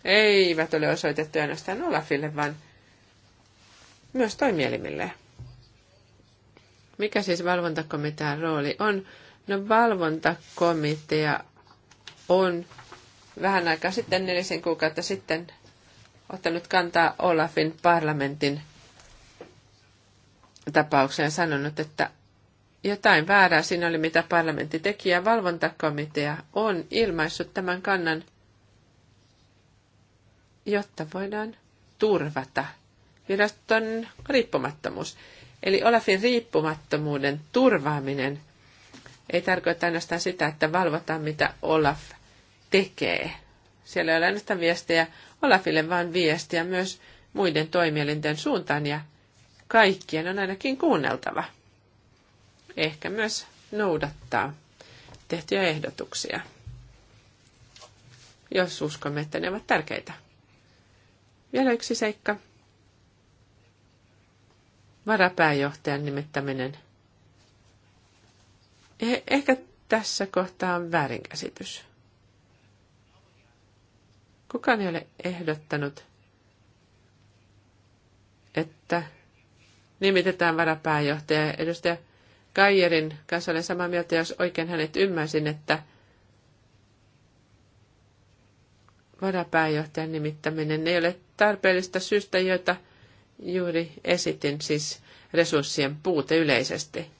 eivät ole osoitettu ainoastaan Olafille, vaan myös toimielimille. Mikä siis valvontakomitean rooli on? No valvontakomitea on vähän aikaa sitten, nelisen kuukautta sitten, ottanut kantaa Olafin parlamentin tapaukseen ja sanonut, että jotain väärää siinä oli, mitä parlamentti teki, ja valvontakomitea on ilmaissut tämän kannan, jotta voidaan turvata viraston riippumattomuus. Eli Olafin riippumattomuuden turvaaminen ei tarkoita ainoastaan sitä, että valvotaan mitä Olaf tekee. Siellä ei ole ainoastaan viestejä Olafille, vaan viestiä myös muiden toimielinten suuntaan ja kaikkien on ainakin kuunneltava. Ehkä myös noudattaa tehtyjä ehdotuksia, jos uskomme, että ne ovat tärkeitä. Vielä yksi seikka varapääjohtajan nimittäminen. Eh- ehkä tässä kohtaa on väärinkäsitys. Kukaan ei ole ehdottanut, että nimitetään varapääjohtaja. Edustaja Kaijerin kanssa olen samaa mieltä, jos oikein hänet ymmärsin, että varapääjohtajan nimittäminen ei ole tarpeellista syystä, joita Juuri esitin siis resurssien puute yleisesti.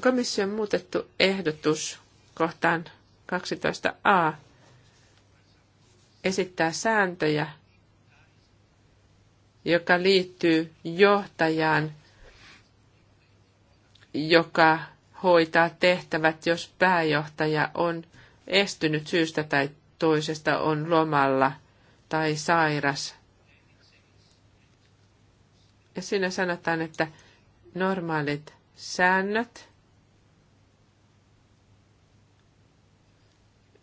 Komission muutettu ehdotus kohtaan 12a esittää sääntöjä, joka liittyy johtajaan, joka hoitaa tehtävät, jos pääjohtaja on estynyt syystä tai toisesta, on lomalla tai sairas ja siinä sanotaan, että normaalit säännöt,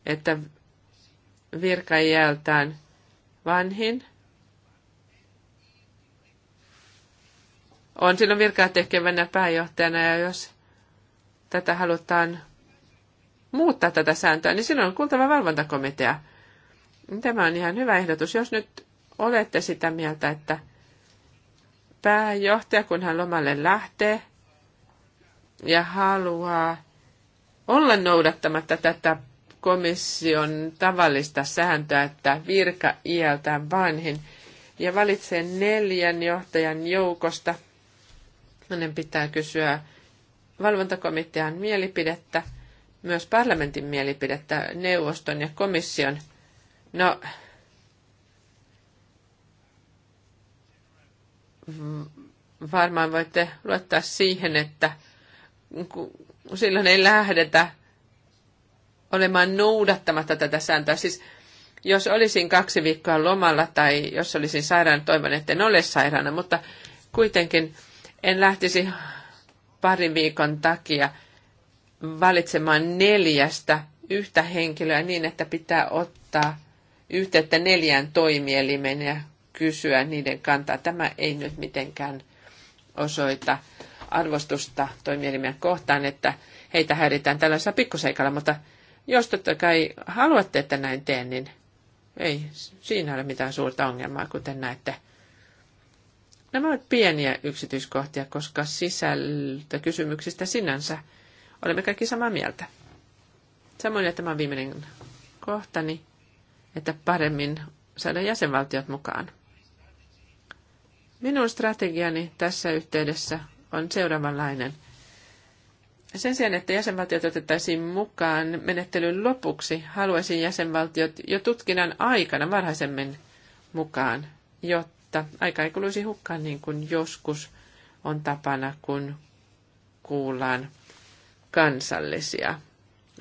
että virkajältään vanhin on silloin virkaa tekevänä pääjohtajana ja jos tätä halutaan muuttaa tätä sääntöä, niin silloin on kuultava valvontakomitea. Tämä on ihan hyvä ehdotus. Jos nyt olette sitä mieltä, että pääjohtaja, kun hän lomalle lähtee ja haluaa olla noudattamatta tätä komission tavallista sääntöä, että virka iältään vanhin ja valitsee neljän johtajan joukosta. Hänen pitää kysyä valvontakomitean mielipidettä, myös parlamentin mielipidettä, neuvoston ja komission. No, Mm, varmaan voitte luottaa siihen, että silloin ei lähdetä olemaan noudattamatta tätä sääntöä. Siis jos olisin kaksi viikkoa lomalla tai jos olisin sairaana, toivon, että en ole sairaana, mutta kuitenkin en lähtisi parin viikon takia valitsemaan neljästä yhtä henkilöä niin, että pitää ottaa yhteyttä neljään toimielimeen ja kysyä niiden kantaa. Tämä ei nyt mitenkään osoita arvostusta toimielimien kohtaan, että heitä häiritään tällaisella pikkuseikalla, mutta jos totta kai haluatte, että näin teen, niin ei siinä ole mitään suurta ongelmaa, kuten näette. Nämä ovat pieniä yksityiskohtia, koska sisältökysymyksistä sinänsä olemme kaikki samaa mieltä. Samoin, että tämä viimeinen kohtani, että paremmin saada jäsenvaltiot mukaan. Minun strategiani tässä yhteydessä on seuraavanlainen. Sen sijaan, että jäsenvaltiot otettaisiin mukaan menettelyn lopuksi, haluaisin jäsenvaltiot jo tutkinnan aikana varhaisemmin mukaan, jotta aika ei kuluisi hukkaan niin kuin joskus on tapana, kun kuullaan kansallisia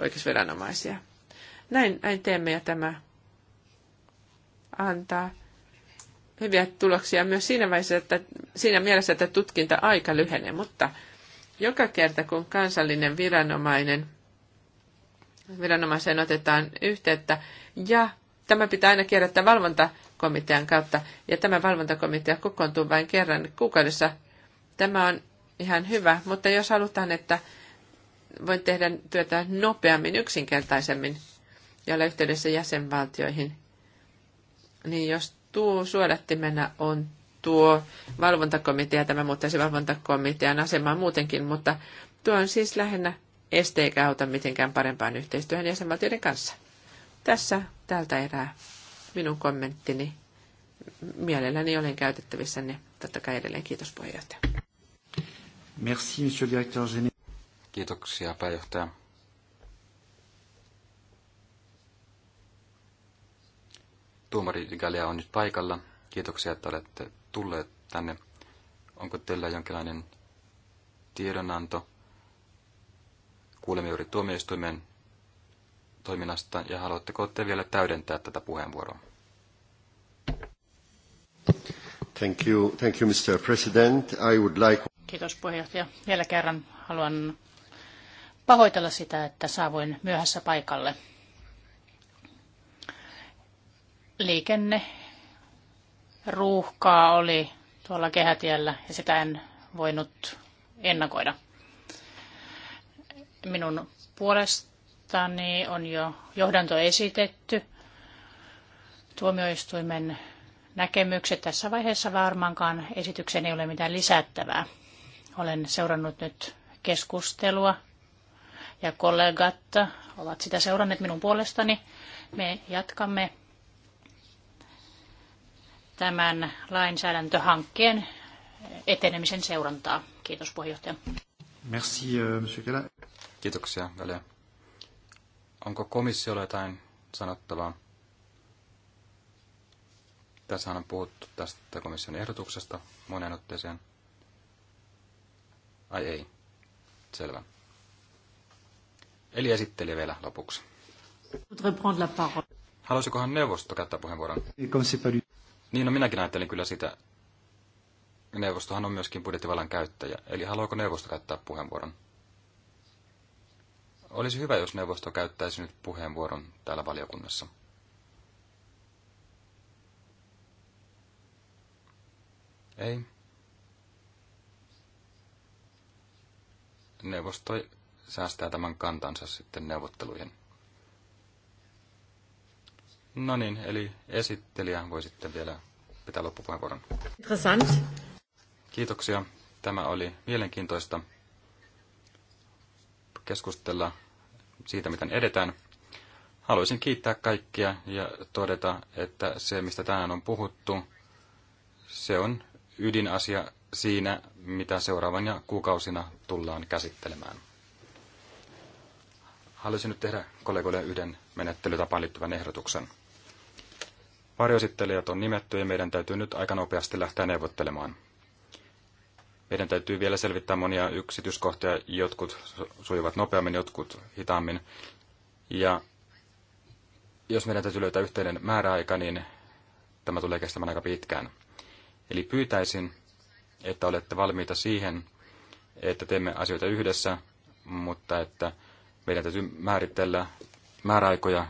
oikeusviranomaisia. Näin, näin teemme ja tämä antaa hyviä tuloksia myös siinä, vaiheessa, että, siinä mielessä, että tutkinta-aika lyhenee, mutta joka kerta kun kansallinen viranomainen viranomaiseen otetaan yhteyttä ja tämä pitää aina kierrättää valvontakomitean kautta ja tämä valvontakomitea kokoontuu vain kerran kuukaudessa. Tämä on ihan hyvä, mutta jos halutaan, että voin tehdä työtä nopeammin, yksinkertaisemmin ja olla yhteydessä jäsenvaltioihin, niin jos tuo suodattimena on tuo valvontakomitea, tämä muuttaisi valvontakomitean asemaa muutenkin, mutta tuo on siis lähinnä este eikä auta mitenkään parempaan yhteistyöhön jäsenvaltioiden kanssa. Tässä tältä erää minun kommenttini. Mielelläni olen niin Totta kai edelleen kiitos puheenjohtaja. Merci, monsieur directeur Kiitoksia pääjohtaja. Tuomari Galia on nyt paikalla. Kiitoksia, että olette tulleet tänne. Onko teillä jonkinlainen tiedonanto? Kuulemme juuri tuomioistuimen toiminnasta ja haluatteko te vielä täydentää tätä puheenvuoroa? Thank you, thank you, Mr. President. I would like... Kiitos puheenjohtaja. Vielä kerran haluan pahoitella sitä, että saavuin myöhässä paikalle. liikenne ruuhkaa oli tuolla kehätiellä ja sitä en voinut ennakoida. Minun puolestani on jo johdanto esitetty. Tuomioistuimen näkemykset tässä vaiheessa varmaankaan esitykseen ei ole mitään lisättävää. Olen seurannut nyt keskustelua ja kollegat ovat sitä seuranneet minun puolestani. Me jatkamme tämän lainsäädäntöhankkeen etenemisen seurantaa. Kiitos puheenjohtaja. Merci, euh, monsieur Kela. Kiitoksia, Väliä. Onko komissiolla jotain sanottavaa? Tässä on puhuttu tästä komission ehdotuksesta moneen otteeseen. Ai ei. Selvä. Eli esittelijä vielä lopuksi. Haluaisikohan neuvosto käyttää puheenvuoron? Niin, no minäkin ajattelin kyllä sitä. Neuvostohan on myöskin budjettivallan käyttäjä, eli haluaako neuvosto käyttää puheenvuoron? Olisi hyvä, jos neuvosto käyttäisi nyt puheenvuoron täällä valiokunnassa. Ei. Neuvosto säästää tämän kantansa sitten neuvotteluihin. No niin, eli esittelijä voi sitten vielä pitää loppupuheenvuoron. Interessant. Kiitoksia. Tämä oli mielenkiintoista keskustella siitä, miten edetään. Haluaisin kiittää kaikkia ja todeta, että se, mistä tänään on puhuttu, se on ydinasia siinä, mitä seuraavan ja kuukausina tullaan käsittelemään. Haluaisin nyt tehdä kollegoille yhden menettelytapaan liittyvän ehdotuksen. Varjoesittelijät on nimetty ja meidän täytyy nyt aika nopeasti lähteä neuvottelemaan. Meidän täytyy vielä selvittää monia yksityiskohtia, jotkut sujuvat nopeammin, jotkut hitaammin. Ja jos meidän täytyy löytää yhteinen määräaika, niin tämä tulee kestämään aika pitkään. Eli pyytäisin, että olette valmiita siihen, että teemme asioita yhdessä, mutta että meidän täytyy määritellä määräaikoja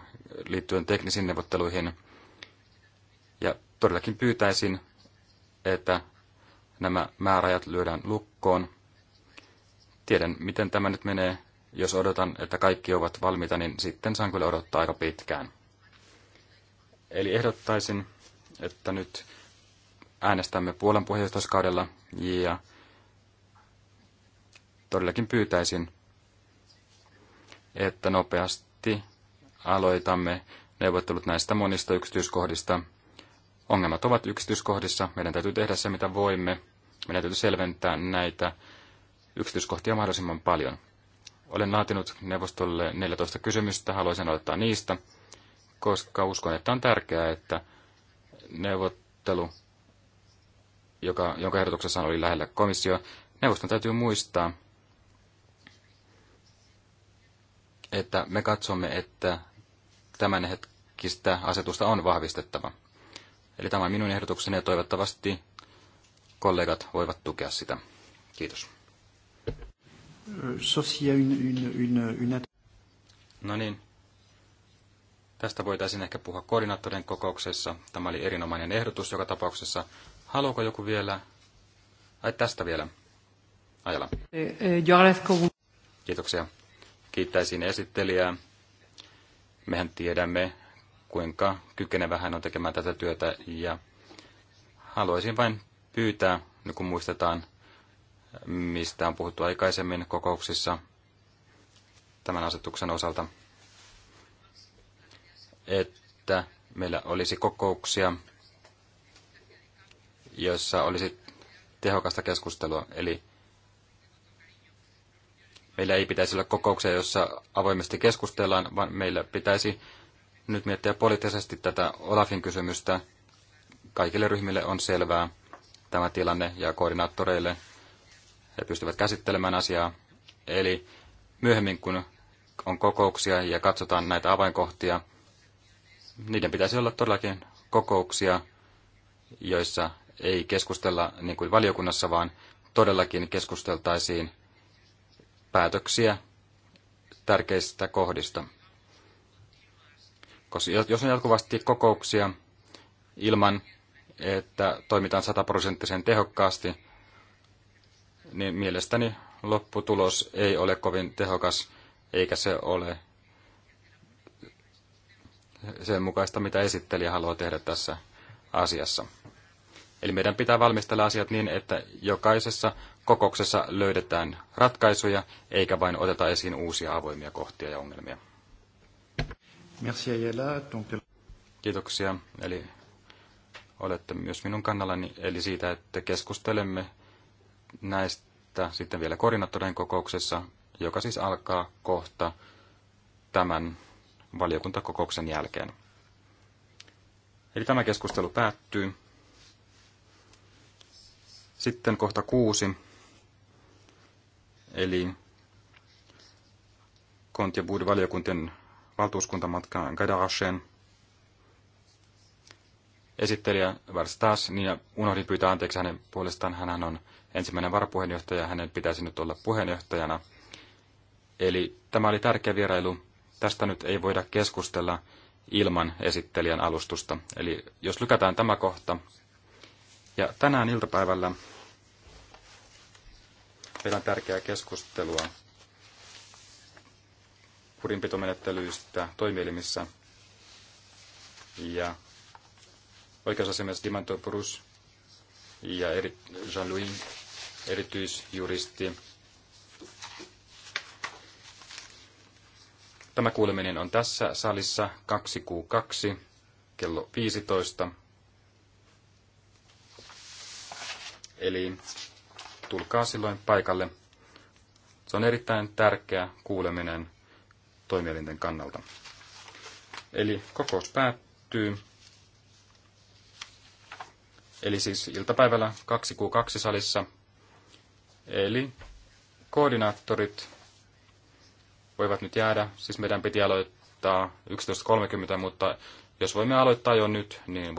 liittyen teknisiin neuvotteluihin ja todellakin pyytäisin, että nämä määräajat lyödään lukkoon. Tiedän, miten tämä nyt menee. Jos odotan, että kaikki ovat valmiita, niin sitten saan kyllä odottaa aika pitkään. Eli ehdottaisin, että nyt äänestämme Puolan puheenjohtajuuskaudella ja todellakin pyytäisin, että nopeasti aloitamme neuvottelut näistä monista yksityiskohdista, Ongelmat ovat yksityiskohdissa. Meidän täytyy tehdä se, mitä voimme. Meidän täytyy selventää näitä yksityiskohtia mahdollisimman paljon. Olen laatinut neuvostolle 14 kysymystä. Haluaisin aloittaa niistä, koska uskon, että on tärkeää, että neuvottelu, joka, jonka ehdotuksessa oli lähellä komissio, neuvoston täytyy muistaa, että me katsomme, että tämänhetkistä asetusta on vahvistettava. Eli tämä on minun ehdotukseni ja toivottavasti kollegat voivat tukea sitä. Kiitos. No niin. Tästä voitaisiin ehkä puhua koordinaattorien kokouksessa. Tämä oli erinomainen ehdotus joka tapauksessa. Haluaako joku vielä? Ai tästä vielä. Ajala. Eh, eh, Kiitoksia. Kiittäisin esittelijää. Mehän tiedämme, kuinka kykenevä hän on tekemään tätä työtä. Ja haluaisin vain pyytää, niin kun muistetaan, mistä on puhuttu aikaisemmin kokouksissa tämän asetuksen osalta, että meillä olisi kokouksia, joissa olisi tehokasta keskustelua. Eli meillä ei pitäisi olla kokouksia, joissa avoimesti keskustellaan, vaan meillä pitäisi nyt miettiä poliittisesti tätä Olafin kysymystä. Kaikille ryhmille on selvää tämä tilanne ja koordinaattoreille he pystyvät käsittelemään asiaa. Eli myöhemmin, kun on kokouksia ja katsotaan näitä avainkohtia, niiden pitäisi olla todellakin kokouksia, joissa ei keskustella niin kuin valiokunnassa, vaan todellakin keskusteltaisiin päätöksiä tärkeistä kohdista koska jos on jatkuvasti kokouksia ilman, että toimitaan sataprosenttisen tehokkaasti, niin mielestäni lopputulos ei ole kovin tehokas, eikä se ole sen mukaista, mitä esittelijä haluaa tehdä tässä asiassa. Eli meidän pitää valmistella asiat niin, että jokaisessa kokouksessa löydetään ratkaisuja, eikä vain oteta esiin uusia avoimia kohtia ja ongelmia. Merci Ayala. Kiitoksia. Eli olette myös minun kannallani, eli siitä, että keskustelemme näistä sitten vielä koordinaattorien kokouksessa, joka siis alkaa kohta tämän valiokuntakokouksen jälkeen. Eli tämä keskustelu päättyy. Sitten kohta kuusi, eli kont- ja valiokuntien valtuuskuntamatkaan Gadasheen. Esittelijä Verstas, niin ja unohdin pyytää anteeksi hänen puolestaan. Hän on ensimmäinen varapuheenjohtaja, hänen pitäisi nyt olla puheenjohtajana. Eli tämä oli tärkeä vierailu. Tästä nyt ei voida keskustella ilman esittelijän alustusta. Eli jos lykätään tämä kohta. Ja tänään iltapäivällä meillä on tärkeää keskustelua kurinpitomenettelyistä toimielimissä. Ja oikeusasiamies Dimantopoulos ja eri, Jean-Louis, erityisjuristi. Tämä kuuleminen on tässä salissa 2 q kello 15. Eli tulkaa silloin paikalle. Se on erittäin tärkeä kuuleminen toimielinten kannalta. Eli kokous päättyy. Eli siis iltapäivällä 2Q2 salissa. Eli koordinaattorit voivat nyt jäädä. Siis meidän piti aloittaa 11.30, mutta jos voimme aloittaa jo nyt, niin voimme